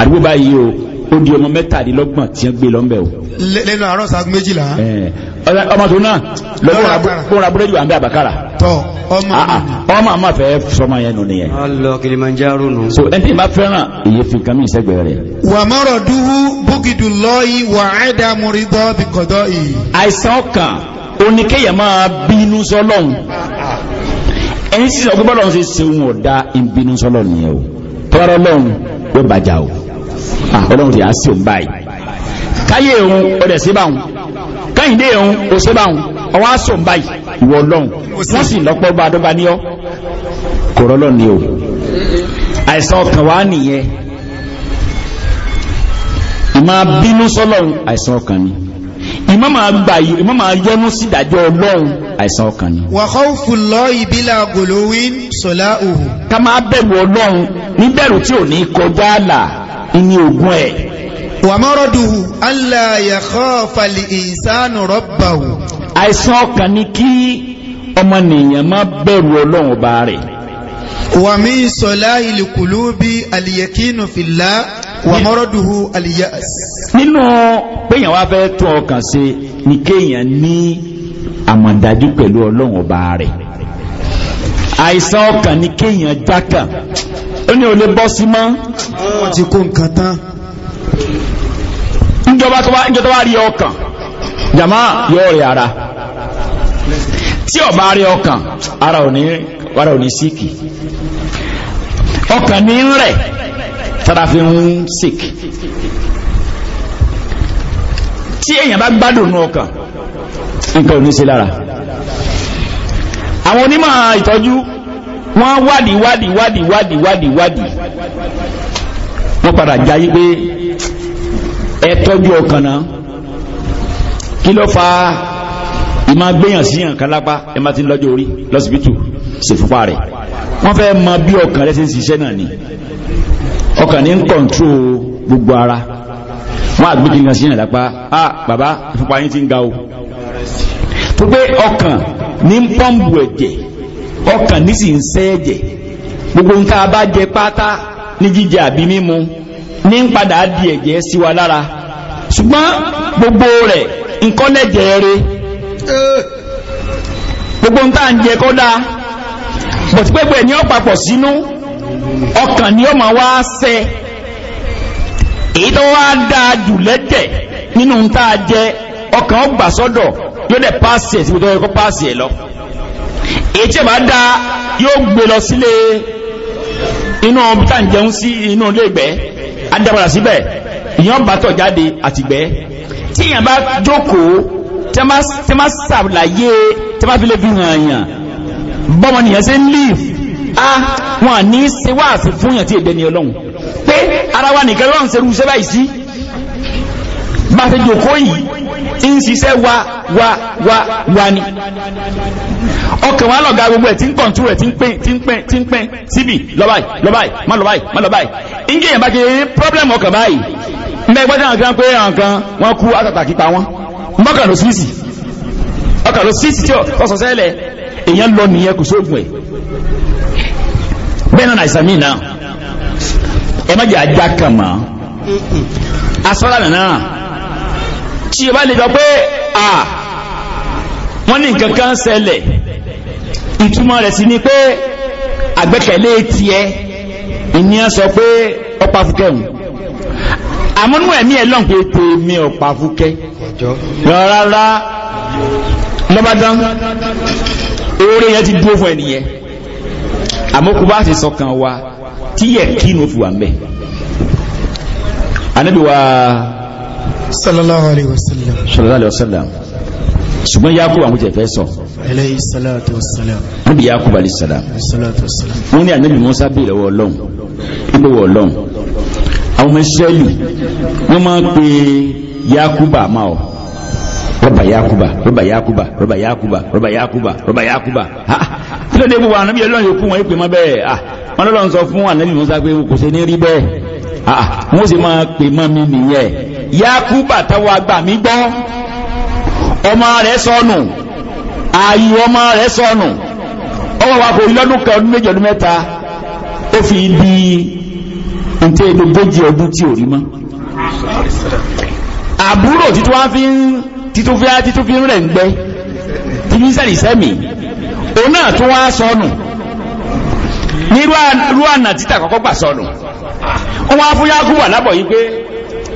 àdúgbò báyìí o ó di ọmọ mẹ́tàdínlọ́gbọ̀n tí wọ́n gbé lọ́mbẹ̀ o. lẹ́nu àárọ̀ sago méjìlá. ọmọ tó náà lọ́wọ́ kóra búrẹ́dì wà ń bẹ àbàkàrà. tọ ọmọ mi. Ah, ah, ọmọ àmà fẹ́ sọmọ yẹn nù nìyẹn. ọlọ Kilimanjaro nù. so ẹni tí ma fẹ́ràn iye fi kan mi sẹ́gbẹ̀ rẹ̀. wà á mọ̀rọ̀ dúró búkìdù lọ́ọ̀yì wà á dá múrí dọ́ bí kọ̀dọ́ yìí. àìsàn kan oníkéyàn máa bínú sọlọ́hún ẹni sísọ gbọ́dọ̀ ṣe ṣeun ọ̀dà ìbínú sọlọ́hún yẹn o tọ́rọ yóò bàjá o. Ah, ọlọ́run ti à ń sí òun báyìí káyé òun ọdẹ sí báwọn káyìndé òun kò sí báwọn ọwọ́ á sọ báyìí ìwọ ọlọ́run wọ́n sì lọ́pọ̀ bá dọ́gba ní ọ kò rọ́lọ́ ni o àìsàn ọkàn wa nìyẹn ìmọ̀ bínú sọ́lọ́run àìsàn ọkàn ni ìmọ̀ máa gbà yìí ìmọ̀ máa yọnu sí ìdájọ́ ọlọ́run àìsàn ọkàn ni. wa khawfu llahi bila gulowin sola'uhu. ká máa bẹ̀rù ọlọ́run níbẹ̀rù tí ò ní kọjá àlà ní ogun ẹ̀ wà mọ́rọ̀dùhù aláyẹ̀kọ́ fàlì ìsánù rọ́bàwù àìsàn ọkàn ni kí ọmọnìyàn má bẹ̀rù ọlọ́run ọba rẹ̀ wà mí sọlá ìlìkùlú bí alìyẹ̀kínú fìlá wà mọ́rọ̀dùhù alìyẹ̀s nínú péyàn wá fẹ́ tún ọkàn ṣe ni kéèyàn ní àmọ̀dájú pẹ̀lú ọlọ́run ọba rẹ̀ àìsàn ọkàn ni kéèyàn jákàn ó ní olè bọ́ sí mọ́ wọ́n ti kó nǹkan tán níjọba tó wá rí ọkàn jàmá yóò rí ara tí ó rí ọkàn ara ò ní ara ò ní síkì ọkàn ní rẹ̀ tara fi ń síkì tí èèyàn bá gbádùn nú ọkàn nǹkan ò ní sí lára àwọn onímọ̀ ìtọ́jú wọ́n wádìí wádìí wádìí wádìí wádìí wádìí wọ́n padà jáyé pé ẹ tọ́jú ọkàn náà kí ló fa ìmọ̀ gbéyàn sí yàn kan lápá ẹ má ti lọ́jọ́ orí lọ́sibítù ṣèfúpa rẹ̀ wọ́n fẹ́ mọ bí ọkàn rẹ̀ ṣe ń ṣiṣẹ́ náà ni ọkàn ní ń kọ̀ǹtró gbogbo ara wọ́n àgbéjìnkan sí yàn lápá ah bàbá ìfúnpa yín ti ń ga o tó pé ọkàn ní ń pọ́ǹbù ẹ̀jẹ̀ ọkàn nísì ń sẹ́ẹ̀jẹ̀ gbogbo nǹkan abájẹ pátá ní jíjẹ àbí mímu ní ń padà di ẹ̀jẹ̀ sí wa lára ṣùgbọ́n gbogbo rẹ̀ nǹkan lẹ́jẹ̀ rẹ̀ gbogbo nǹkan à ń jẹ kọ́dá bọ̀típẹ́pẹ́ ni ó papọ̀ sínú ọkàn ni ó máa wá sẹ́ èyí tó wá dáa jù lẹ́jẹ̀ nínú ń tá jẹ ọkàn ó gbà sọ́dọ̀ yóò dẹ̀ páàsì ẹ̀ síbi tó yẹ kó páàsì ẹ̀ lọ èyí tí bá dá yóò gbé lọ sílé inú ọ̀bítà ń jẹun sí inú ilé ìgbẹ́ adábàrà síbẹ̀ ìyàn bá tọ̀ jáde àtìgbẹ́ tí èèyàn bá jókòó tẹ́ má sàlàyé tẹ́ má fi lè fi hàn yàn bọ́mọ nìyẹn ṣe ń leave a wọn ní ṣe wá àfi fún yàn tí èdè ní ọlọ́run pé ara wa nìkan lọ́run ṣe rú báyìí sí bá ṣe jòkó yìí ń ṣiṣẹ́ wa wa wa wa ni ọkàn wa lọ̀gá gbogbo ẹ̀ tí ń kọ̀ntú rẹ̀ tí ń pín tí ń pín tí ń pín síbì lọ́báì lọ́báì má lọ́báì má lọ́báì ìjẹ́ èèyàn bá ti rí problem ọkàn báyìí mẹ́gbẹ́ tí àwọn kan pé àwọn kan wọ́n kú àtàtàkì pa wọ́n mọ́kàn ló síìsì ọkàn ló síìsì tí ó sọ sẹ́lẹ̀ èèyàn lọ nìyẹn kò sóògùn ẹ̀ bẹ́ẹ̀ náà àìsàn míì náà ẹ má jẹ́ ajá kan mọ́ asọ́lá náà tí o bá lè sọ pé à wọ́n ní nǹkan kan ṣẹlẹ̀ ìtumọ̀ rẹ̀ sí ni pé àgbẹ́kẹ̀lé tiẹ̀ ìní ẹ sọ pé ọpa fúkẹ́ òun àmọ́nú ẹ̀mí ẹ̀ lọ́n pé tèmi ọpa fúkẹ́ rárá lọ́bádán oore yẹn ti dúró fún ẹnìyẹn àmọ́kù bá ti sọkàn wa tí kí ní ó fi wà mẹ́ anábìwá sallallahu alaihi wasallam sallallahu alaihi wasallam ṣùgbọ́n yakubu àwọn jẹ̀fẹ́ sọ alayhi salatu wassalam nabi yakubu alayhi salam wọ́n ibo wọ ọlọ́run àwọn ọmọ israẹli yakuba máa ọ yakuba rọba yakuba rọba yakuba rọba yakuba rọba yakuba ha kí ló dé gbogbo anabi ọlọ́run yòókù ah wọn lọ́lọ́run sọ fún anabi musa pé kò ah wọ́n sì máa Yakuba táwọn àgbà mi gbọ́ ọmọ rẹ̀ sọnù ààyè ọmọ rẹ̀ sọnù ọwọ́ wa kò lọ́dún kan ọdún méjì ọdún mẹ́ta ó fi di ntẹ́ ìdógójì ọdún tí ò rí mọ́ àbúrò títún wá fi ń títún fi á títún fi ń rẹ̀ ń gbẹ́ tí ní sẹ́rì sẹ́mì òun náà tún wá sọnù ní rúànà títà kọ́kọ́ gbà sọnù wọ́n wá fún Yakuba lábọ̀ yìí pé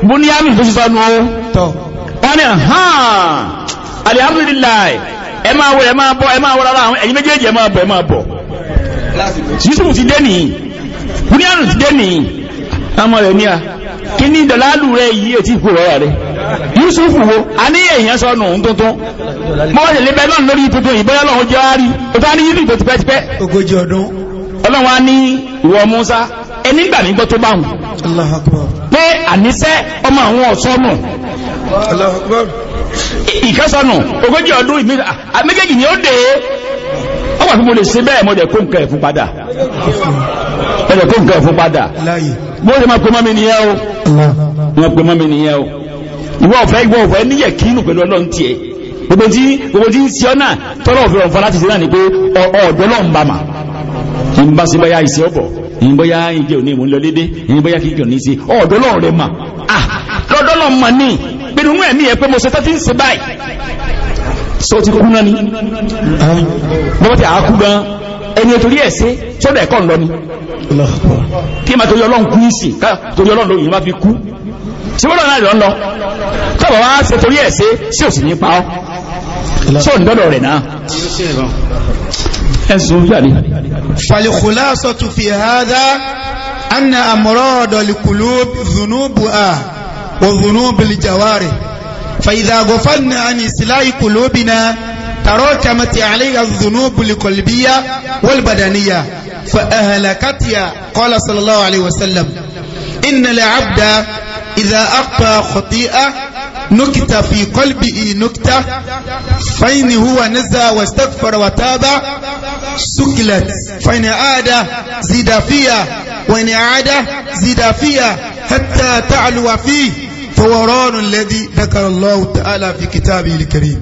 búníyàmì tó ṣiṣọ́ nù ó wọ́n ni hàn alihamdulilayi ẹ máa wọ ẹ máa bọ ẹ máa wọ rárá àwọn ẹ̀yin méjèèjì ẹ máa bọ ẹ máa bọ yusufu ti dé nìyí búníyàmì ti dé nìyí àmọ́ rẹ̀ níyà kí ní ìdọ̀lálù rẹ̀ yìí ètí ìkú rẹ̀ rẹ̀ yusufu wo a ní èèyàn sọ nù tuntun mọ́ wọ́n lè náà lórí tuntun ìbẹ́yà lọ́wọ́ jẹ́ wá rí o tó á ní yìí tipẹ́tipẹ́ ọlọ́wọ́n á ní ìwọ Musa nígbà mi tó bá hùn pé àníṣẹ́ ọmọ àwọn ọ̀sọ́nù ìkẹsọ̀nù ogójì ọdún méjèèjì ni ó dé ó wà fún mo lè ṣe bẹ́ẹ̀ kó nǹkan ẹ̀fún padà kó nǹkan ẹ̀fún padà máa pe o máa pe mọ́ nìyẹn o ìwọ ọ̀fẹ́ ìwọ ọ̀fẹ́ níyẹ̀ kínú pẹ̀lú ọlọ́run tiẹ̀ gbogbo tí gbogbo tí ń ṣe tọ́lọ̀ láti ṣe náà ni ìyìn bóyá ìjẹ òní ìmú lọ lédè ìyìn bóyá kìí kìí sí ọ̀dọ́ lọ́rùn rẹ̀ mà á ah, lọ́dọ́ lọ́ mà ní pinnu mú ẹ̀mí ẹ̀ pé mo ṣe tọ́tí ń ṣe báyìí so ti kúkú náà ni bọ́bá ti àákú gan ẹni torí ẹ̀ ṣe sọ́dọ̀ ẹ̀kọ́ ńlọ ni kí ẹ máa torí ọlọ́run kú sí ká torí ọlọ́run lóyún má fi kú tí wọ́n lọ́nà rẹ̀ ń lọ tọ́bọ̀ wá ṣe torí ẹ̀ ṣe sí òsì ní pa ọ́ sóòndọ́dọ̀ rẹ̀ náà ẹ̀sùn ojú àní. falkhulasatu fi hadha anna amrada alqulub dhunubuha wa dhunubul jawarih فإذا غفلنا عن إصلاح قلوبنا تراكمت عليها الذنوب القلبية والبدنية فأهلكتها قال صلى الله عليه وسلم إن العبد إذا أخطأ خطيئة نكتة في قلبه نكتة فإن هو نزى واستغفر وتاب سكلت فإن عاد زيد فيها وإن عاد زيد فيها حتى تعلو فيه فوران الذي ذكر الله تعالى في كتابه الكريم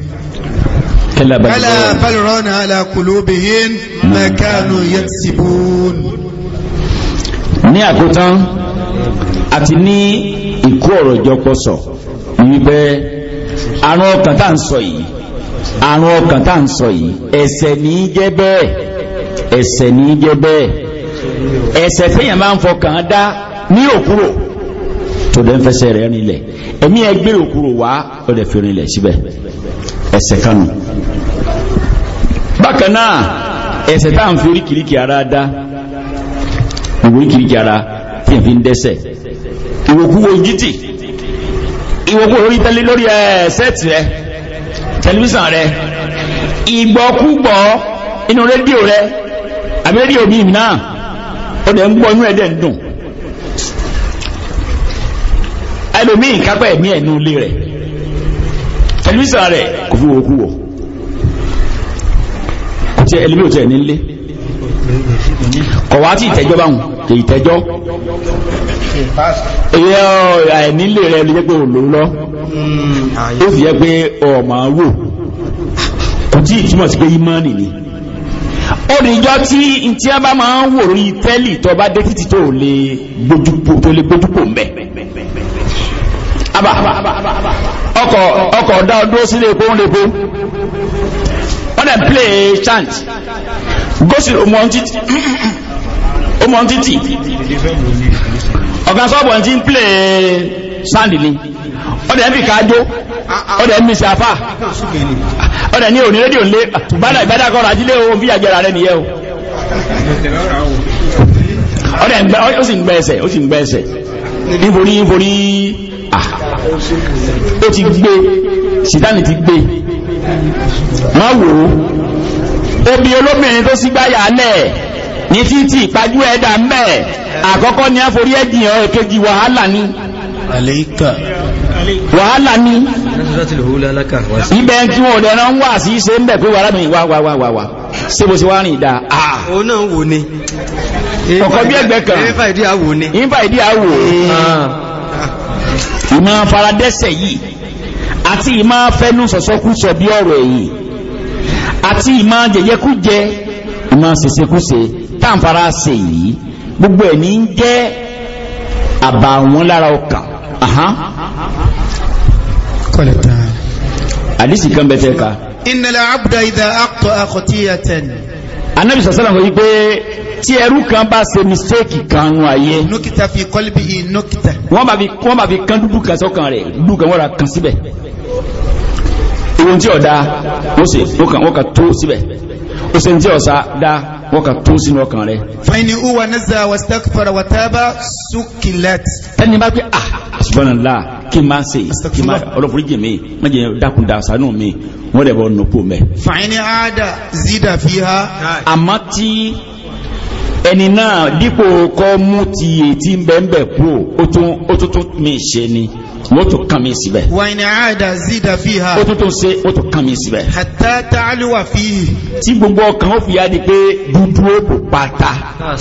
كلا بل, كلا بل ران على قلوبهم ما كانوا يكسبون ní àkótán àti ní ìkó ọ̀rọ̀ jọpọ̀ sọ wípé àrùn ọkàn tá ń sọ yìí àrùn ọkàn tá ń sọ yìí ẹ̀ṣẹ̀ ní jẹ́ bẹ́ẹ̀ ẹ̀ṣẹ̀ ní jẹ́ bẹ́ẹ̀ ẹ̀ṣẹ̀ fẹ́yàn máa ń fọkàn dá ní òkúrò tó dẹ́ ń fẹsẹ̀ rẹ̀ nílẹ̀ ẹ̀mí ẹgbẹ́ òkúrò wá ó dẹ̀ fi rinlẹ̀ síbẹ̀ ẹ̀ṣẹ̀ kanu bákan náà ẹ̀ṣẹ̀ tá ń fi oríkìríkì ara dá oríkìríkì ara fi ń dẹ́ṣẹ̀ ìwòkúwò jítì ìwòkú orí tẹ́lẹ̀ lórí ẹ̀ sẹ́ẹ̀tì rẹ tẹlifíṣàn rẹ ìgbọ́kúgbọ́ inú rédíò rẹ àbí rédíò mi náà ó dẹ̀ ń gbọ́ inú ẹ̀dẹ̀ ń dùn ẹlòmíì kápẹ́ ẹ̀mí ẹ̀ nú ilé rẹ̀ tẹlifíṣàn rẹ̀ kò fi wòókù wọ̀ kò tiẹ̀ ẹlòmíì ò tiẹ̀ nílé kọ̀wá tí ìtẹ́jọ́ báwọn kì í tẹ́jọ́ ìyẹ́ àìnílé rẹ̀ lè jẹ́ pé ò lóun lọ hmm, ó sì jẹ́ pé ọmọ wò kò tí ìtumọ̀ sí pé ìmánì ni olùjọ tí tí a bá máa ń wò rí tẹ́lì tó bá dé títí tó lè gbójúpò tó lè gbójúpò mbẹ aba ọkọ̀ ọkọ̀ dá ọdún sílé epo ń lepo wọ́n dẹ̀ play chant gosi omo títí ó mọ́ títì ọ̀gá sọ́bọ̀ tí ń plẹ̀ sáàdì ni ọdẹ̀ ń fi káájó ọdẹ̀ ń mi sí afá ọdẹ̀ ní òní rédíò lé bádà ìbádà kọ́ra ajílé ohun bí àjẹrà rẹ̀ nìyẹ́ o ọdẹ̀ ó sì ń gbẹ́ ẹsẹ̀ ó sì ń gbẹ́ ẹsẹ̀ níborí níborí ó ti gbé sìdáni ti gbé wọ́n wò ó obì olóbìnrin tó sì gbáyà ní títì ìpájú ẹ̀dà mẹ́ àkọ́kọ́ ni a forí ẹ̀dì ọ̀ èkejì wàhálà ni wàhálà ni ibẹ̀ tí wọ́n lè rán wà sí ṣe ń bẹ̀ pé wàhálà mi wà wà wà wà wà ṣe bó ṣe wá rìn ìdá àà o náà wò ní ọkọ̀ bí ẹgbẹ́ kan ìfà ìdí àwò ní ìfà ìdí àwò ìmọ̀ faradẹ́sẹ̀ yìí àti ìmọ̀ fẹ́nu sọ̀sọ́kúsọ bí ọ̀rọ̀ èyí àti ìmọ̀ jẹjẹkújẹ ìmọ̀ ṣẹṣẹkúṣe táǹfàrà ṣe yìí gbogbo ẹ̀ ní ń jẹ́ àbàwọ́n lára ọkàn kọ́lẹ̀tà àdísì kan bẹ̀ tẹ́ka innal abda idha aqta khatiyatan anábì sàṣẹ́lá wọ́n yí pé tí ẹrú kan bá ṣe mistake kan nù ayé nukita fi qalbihi nukita wọ́n bá fi wọ́n bá fi kan dúdú kan sọ́kàn rẹ̀ dúdú kan wọ́n ra kan síbẹ̀ ìwọ̀n tí ọ̀dá wọ́n kan tó síbẹ̀ ó ṣe ń tí ọ̀sá dáa wọ́n kà tún sínú ọkàn rẹ̀. fẹ́ni uwa nẹ́sà wa stakfara wa taba sukilet. ẹni bá pẹ́ ah subhanallah kí n máa ṣe kí n máa ọlọ́fọ̀rí jẹ̀ mi má jẹ́ dákun da sànú mi wọ́n dẹ̀ bọ́ nọ́pọ̀ mẹ́. fẹ́ni ada zida fi ha. àmọ́ tí ẹni náà dípò kọ́ mú ti èyí tí bẹ́ẹ̀ bẹ́ẹ̀ kú ó tún tún mi ṣe ni wọ́n tún kàn mí síbẹ̀. wàyìn àádá zida fi ha. ó tún tún ṣe ó tún kàn mí síbẹ̀. hatta ta'luwa fi. tí gbogbo ọkàn ó fi ya di pé dúdú ó bò pátá.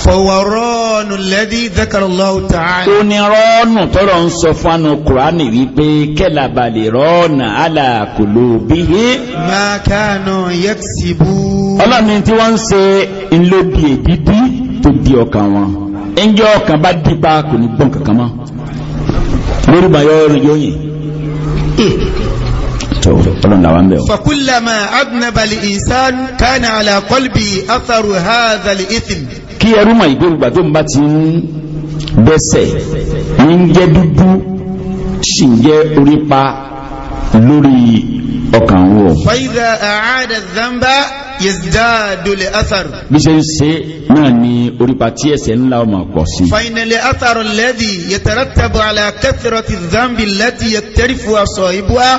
fọwọ́rọ́ọ̀nù lẹ́dí zakarallahu ta'ala. ó ní rọ́ọ̀nù tọrọ ń sọ fún anu kùránì wípé kẹ́là balẹ̀ rọ́ọ̀nà ala qulubihi. ma kanu yaksibu. ọlọ́ni tí wọ́n ń ṣe ńlọ́bì èdídí tó di ọkàn wọn. ẹnjẹ́ ọkàn bá dípa kò ní gbọ́n kankan mọ́ lórí bàyọ́ yóò yìn فكلما أذنب الإنسان كان على قلبه أثر هذا الإثم kí ẹrú mà ìgbèrú gbà tó ń bá ti ń dẹ́sẹ̀ ń jẹ́ dúdú sì ń jẹ́ orí lórí ọkàn wọ̀. فإذا أعاد الذنب yazdadu li atharu. bí ṣe ń ṣe náà ni orípa tí ẹ̀ṣẹ̀ ńlá ọmọ pọ̀ sí. fainali atharu alladhi yatarattabu ala kathrati dhanbi allati yaktarifu sahibuha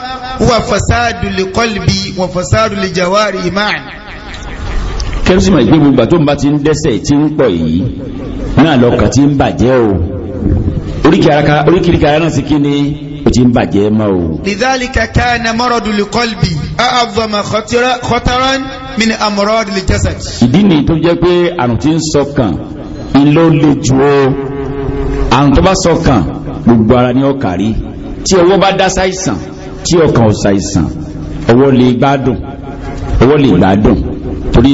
wa fasadu li qalbi wa fasadu li jawari ma'an. kẹ́rìsìmọ̀ ìgbé gbogbo àti òun bá ti ń dẹ́ṣẹ̀ tí ń pọ̀ yìí náà lọ́kàn ti ń bàjẹ́ o oríkìríkà náà sì kí ni ó ti ń bàjẹ́ mọ́ o. lidhalika kana maradul qalbi a'zama khataran min amradil jasad. ìdí nìyí tó jẹ́ pé àrùn tí ń sọkàn ìlò le jù o àrùn tó bá sọkàn gbogbo ara ni ó kárí tí ọwọ́ bá dá ṣàìsàn tí ọkàn ò ọwọ́ lè gbádùn ọwọ́ lè gbádùn torí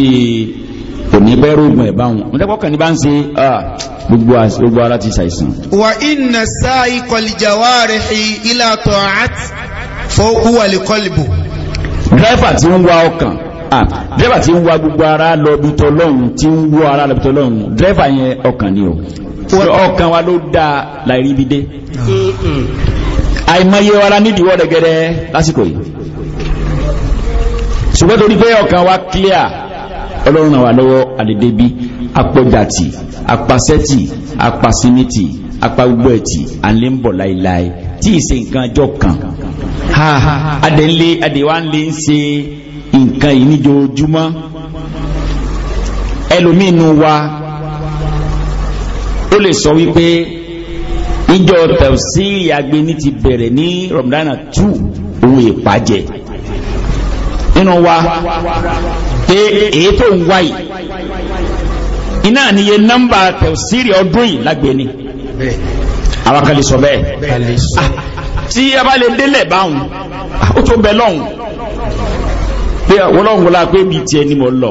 kò ní bẹ́ẹ̀ rògùn ẹ̀ báwọn mọ̀tẹ́kọ̀ kàn ní bá ń ṣe gbogbo ara ti ṣàìsàn. wà iná sá ikọ̀lì jàwárí ilá tọ̀ àti fọ́kúwàlì kọlìbù. dírẹ́fà tí ń wa ọkàn dírẹ́fà tí ń wa gbogbo ara lọ́bìtọ̀ lọ́hùn tí ń wọ ara lọ́bìtọ̀ lọ́hùn dírẹ́fà yẹn ọkàn ni o ọkàn wa ló dáa láì ríbi dé àìmọye wa la nídìí wọ́ọ̀dẹ̀gẹ́dẹ́ lásìkò yìí ṣùgbọ́n torí pé ọkàn wa clear ọlọ́run náà wà lọ́wọ́ àdédébí apọ̀jàtì apasẹ́tì apasimiti apagbẹ́ẹ̀tì alẹ́ ń bọ̀ láìláì tí ìṣe nǹkan ọjọ́ kan adẹ́lé adẹ́wà ń lè ń ṣe nǹkan yìí níjoojúmọ́ ẹlòmínú wa ó lè sọ wípé ìjọ tẹ̀síìrì agbeni ti bẹ̀rẹ̀ ní rọ̀mùdánà 2 òun ìpàjẹ́ nínú wa pé èyí tó ń wáyìí iná níye nọ́mbà tẹ̀síìrì ọdún yìí lágbé ni àwọn kan lè sọ bẹ́ẹ̀ ah, tí a bá lè délẹ̀ báhùn ah, ó tó bẹ lọ́hùn pé wọ́lọ́hùn la pé ibi tí ẹni mọ̀ lọ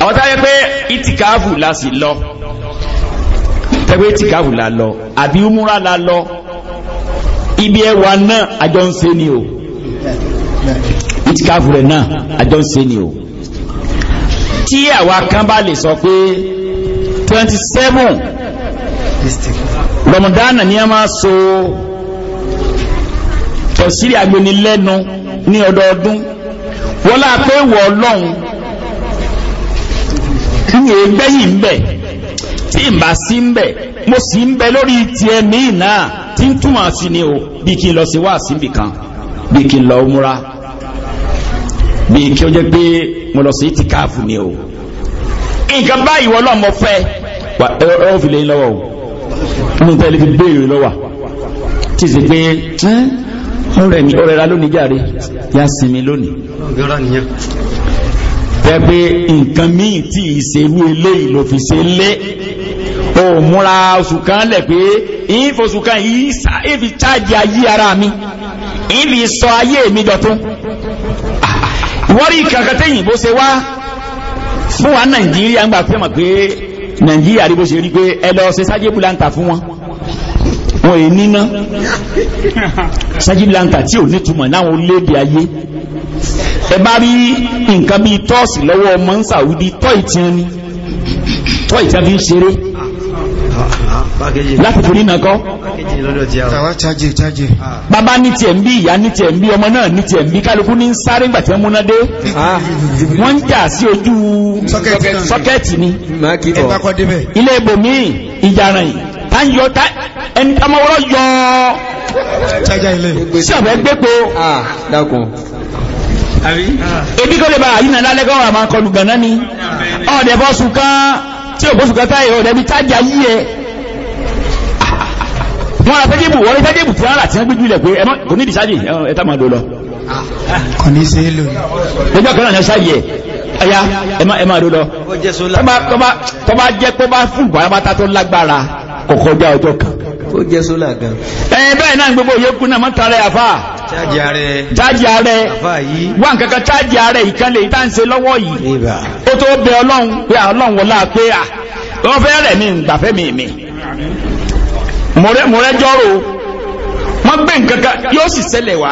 àwọn táyẹ pé ìtìkáàfù la sì lọ tẹ́gbẹ́ ìtìkáàfù la lọ àbí umúra la lọ ibi ẹwà náà àjọ ń ṣe ni o ìtìkáfù rẹ̀ náà àjọ ń ṣe ni o tí àwa kan bá lè sọ pé twenty seven rọmọdánà ni a máa so tọ̀sírí agbenilẹ́nu ní ọdọọdún wọ́n láà pé wọ̀ ọlọ́run ní ẹgbẹ́yìn ń bẹ̀ tí ń bá sí ń bẹ̀ mo sì ń bẹ lórí ti ẹ̀mí náà tí ń túmọ̀ sí ni o bí kí n lọ sí wá síbì kan bí kí n lọ múra bí kí ó jẹ́ pé mo lọ sí ti káàfù ni o nǹkan báyìí wọ́n lọ́mọ fẹ́ ọ fi lè lọ́wọ́ o ní tẹ́lẹ̀ fi béèrè lọ́wà tí sì pé ọ̀rẹ́ ọ̀rẹ́ ra lónìí jàre yá sinmi lónìí tẹ́ pé nǹkan míì tí ìṣerú eléyìí ló fi ṣe lé o múra oṣù kan lẹ̀ pé ìfòṣù kan yìí fi chájì ayé ara mi ìfi sọ ayé mi dọ̀tún wọ́n rí kàkàtẹ́yìn bó ṣe wá fún wa nàìjíríà ń gbà fẹ́ mọ̀ pé nàìjíríà rí bó ṣe rí pé ẹ lọ ṣe sájébù láǹtà fún wọn wọn è níná sájébù láǹtà tí ò nítumọ̀ láwọn olédè ayé ẹ bá rí nǹkan bíi tọ́ọ̀sì lọ́wọ́ ọmọ ń sàwùdí tọ́ì tí ni tọ́ì tí fi ń ṣeré láti torí náà kọ́ ah. bàbá ní tiẹ̀ ń bí ìyá ní tiẹ̀ ń bí ọmọ náà ní tiẹ̀ ń bí kálukú ní sáré ńgbà tí wọ́n múná dé ah. wọ́n ń jà sí ojú sọ́kẹ́ẹ̀tì ni ilé ibòmí ìjàràn táyọ̀ ẹni tamọ́wọ́ yọ sí ọ̀fẹ́ gbépo ebi kó lè bá àyínà lálẹ́gọ́wà máa kọlù gànáà ni ọ̀dẹ̀bọ́sùn kan tí ò bóṣùn kan táyẹ̀ ọ̀dẹ̀bí tájà yí ẹ wọ́n ra tẹ́gẹ́bù wọ́n rí tẹ́gẹ́bù tí ara tí wọ́n gbéjú ilẹ̀ pé ẹmọ́ kò ní ìdíṣájì ẹta máa lò lọ kò ní sí lò ẹjọ́ kan náà ṣáyẹ ẹya ẹ máa lò lọ tó bá jẹ́ pé bá fún ìgbàlábátá tó lágbára kò kọjá ọjọ́ kan ó jẹ́ sólà gan ẹ̀ bẹ́ẹ̀ náà gbogbo yókù náà mọ́ta rẹ̀ àfà chájì ààrẹ wà nkankan chájì ààrẹ ìkànlẹ̀ ìtànṣe lọ́wọ́ yìí ó tó bẹ ọlọ́run pé ọlọ́run wọlá pé à wọ́n fẹ́ rẹ̀ mi ń gbàfẹ́ mi mi mọ̀rẹ́jọ́rò wọ́n gbé nǹkan kan yóò sì ṣẹlẹ̀ wá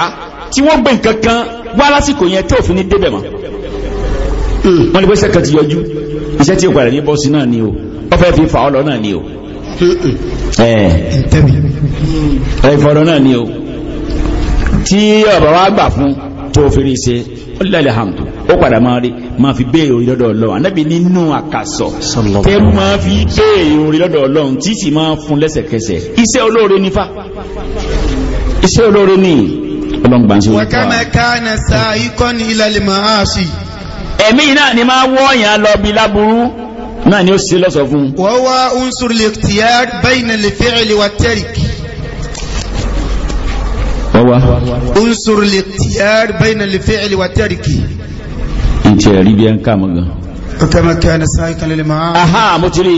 tí wọ́n gbé nǹkan kan wá lásìkò yẹn tó fi ní débẹ̀ mọ́ hmm. wọ́n ní bó ṣe kan ti yọjú iṣẹ́ tí o padà ní bọ́ọ̀sì náà ni o wọ́n fẹ́ fi fà ọ́ lọ náà ni o hmm. ẹ̀ ẹ̀ fọ̀rọ̀ náà ni o tí ọ̀bà wa gbà fún un tó fi rí ṣe ọlẹ́lẹ̀ hamdu ó padà máa rí máa fi béèrè orí lọ́dọ̀ ọlọ́run anábì nínú àkàsọ̀ tẹ́rù máa fi béèrè orí lọ́dọ̀ ọlọ́run tí sì máa fún lẹ́sẹ̀kẹsẹ̀ iṣẹ́ olóore nífà iṣẹ́ olóore ní ọlọ́run gbàǹsẹ̀ wọ́n ká mẹ́ká na sáà ikọ́ ní ilẹ̀ máa ṣì ẹ̀mí náà ni máa wọ́ọ̀yàn lọ bí láburú náà ni ó ṣe lọ́sọ̀ fún wọ́wọ́ ń sùrù lè tìyà bẹ́yìn lè fẹ́rẹ̀ lè wà ọwá unsur lè tíyàrí báyìí na lè fẹ́ ìlú wa tẹ́rìkì in ti ẹ̀rí bí ẹn kàmù gan ọkẹ́mọ̀kẹ́ ní sáyẹ̀kan lè máa aha mo ti rí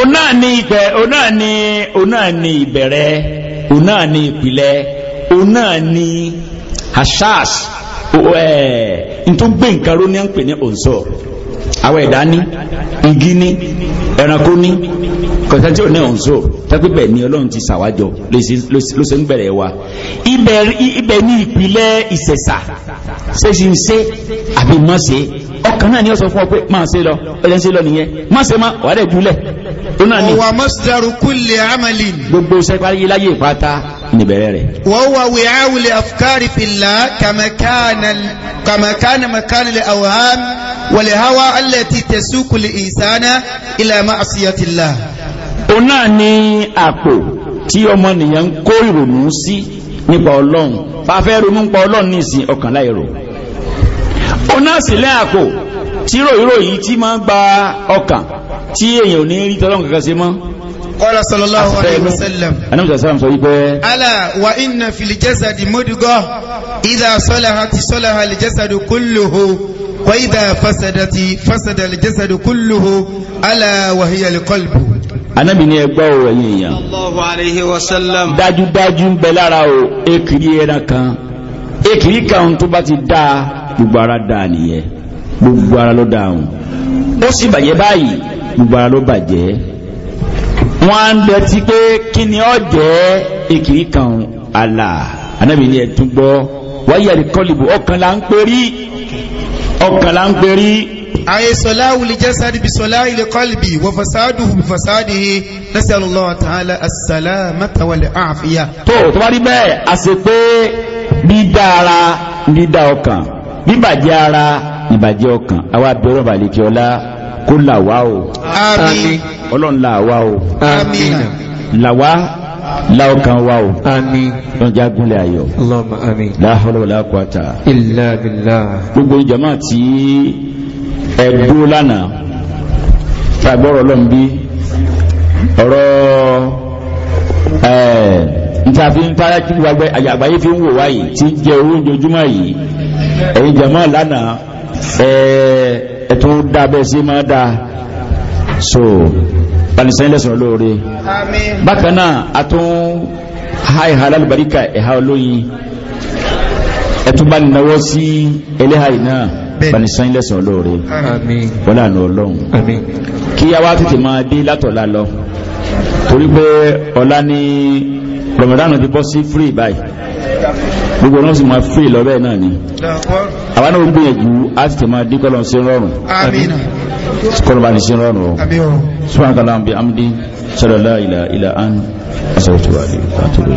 ọ̀nà ni ìpẹ̀ ọ̀nà ni ọ̀nà ni ìbẹ̀rẹ̀ ọ̀nà ni ìpìlẹ̀ ọ̀nà ni hashash n tó gbé nǹkan ró ní à ń pè ní òǹsọ̀ àwọn ẹ̀dá ní igi ní ẹranko ní kọ̀tà tí ò ní ọ̀nso tẹ́kù bẹ̀ ni ọlọ́run ti ṣàwájọ ló ṣe ń bẹ̀rẹ̀ wa ibẹ̀ ní ìpìlẹ̀ ìṣẹ̀ṣà ṣe ṣe ń ṣe àbí mọ́ ṣe ọkàn náà ni ó sọ fún ọ pé máa ṣe lọ ẹ̀jẹ̀ ń ṣe lọ nìyẹn má ṣe má wàá dẹ̀ júlẹ̀ ó náà ni. ọwọ́ masdaru kulli amalin. gbogbo sẹ́kpárí láyé ìpátá níbẹ̀rẹ̀ rẹ̀. wọ́n wà wíwáwìlì afkari fìlà kàmẹ́kánà mẹ́kánilẹ̀ àwòrán wọlé hawa alẹ́ ti tẹ̀sùkùlì ìsáná ila ma'asiyati Allah òun náà ni àpò tí ọmọnìyàn ń kó ìrònú sí nípa ọlọ́run fàfẹ́ ronú nípa ọlọ́run ní ìsìn ọkàn láìrò òun náà sì lẹ́ àpò tí ròyìnrò yìí tí máa ń gba ọkàn tí èèyàn ò ní rí tọ́lọ́run kankan ṣe mọ́ Qala sallallahu alayhi wa sallam. Anamsa sallam sọ wípé. Ala wa inna fil jasadi mudghah idha salahati salaha al jasadu kulluhu wa idha fasadati fasada al jasadu kulluhu ala wa hiya anábì ní ẹgbọ́ o ẹ̀yìn èèyàn Allahu alayhi wa sallam dájúdájú ń bẹ lára o ekiri ẹran kan ekiri kan tó bá ti dá gbogbo ara dá nìyẹn gbogbo ara ló dáhùn ó sì bàjẹ́ báyìí gbogbo ara ló bàjẹ́ wọ́n á ń dẹtí pé kí ni ó jẹ́ ekiri kan àlà anábì ní ẹ̀tún gbọ́ wáyé àdìkọ́lìbù ọkàn là ń perí ọkàn là ń perí. أي صلاة الجسد بصلاة القلب وفساده بفساده نسأل الله تعالى السلامة والعافية tó tó bá rí bẹ́ẹ̀ àṣepé dídá ara dídá ọkàn bíbàjẹ́ ara ìbàjẹ́ ọkàn àwa abẹ́rẹ́ balẹ̀kẹ́ ọlá kó là wá o àmín ọlọ́run là wá o àmín là wá láọkan wá o àmín lọ́jà gúnlẹ̀ ayọ̀ Allahumma àmín la hawla wala quwwata gbogbo jama tí ẹ̀dó lánàá tàbọ̀rọ̀ lọ́n bí ọ̀rọ̀ ntàfi ntàrà kí àgbáyé fi ń wò wáyé tí ń jẹ owó ojoojúmọ́ yìí ẹ̀yin jẹ̀mọ́ lánàá dábẹ́ sí so panisẹ́yìn lẹ́sùn olóore bákan náà a tún ha ìhà alálùbáríkà ẹ̀ha olóyin ẹ̀tún bá nìnáwó sí ẹlẹ́hàì náà bani sanyí lẹ́sàn olóore wọ́n àná ọlọ́run kí yàwá tètè máa dé látọ̀lá lọ torí pé ọ̀la ni rọmọdánù ti bọ́ sí free báyìí gbogbo náà sì máa free lọ bẹ́ẹ̀ náà ni àwa náà ń gbìyànjú á tètè máa dín kọ́lọ̀ sí rọrùn kọ́lọ̀ bá ní sí rọrùn o subhanahu wa bi amdi sallallahu ila ila an asawutu wa alayhi wa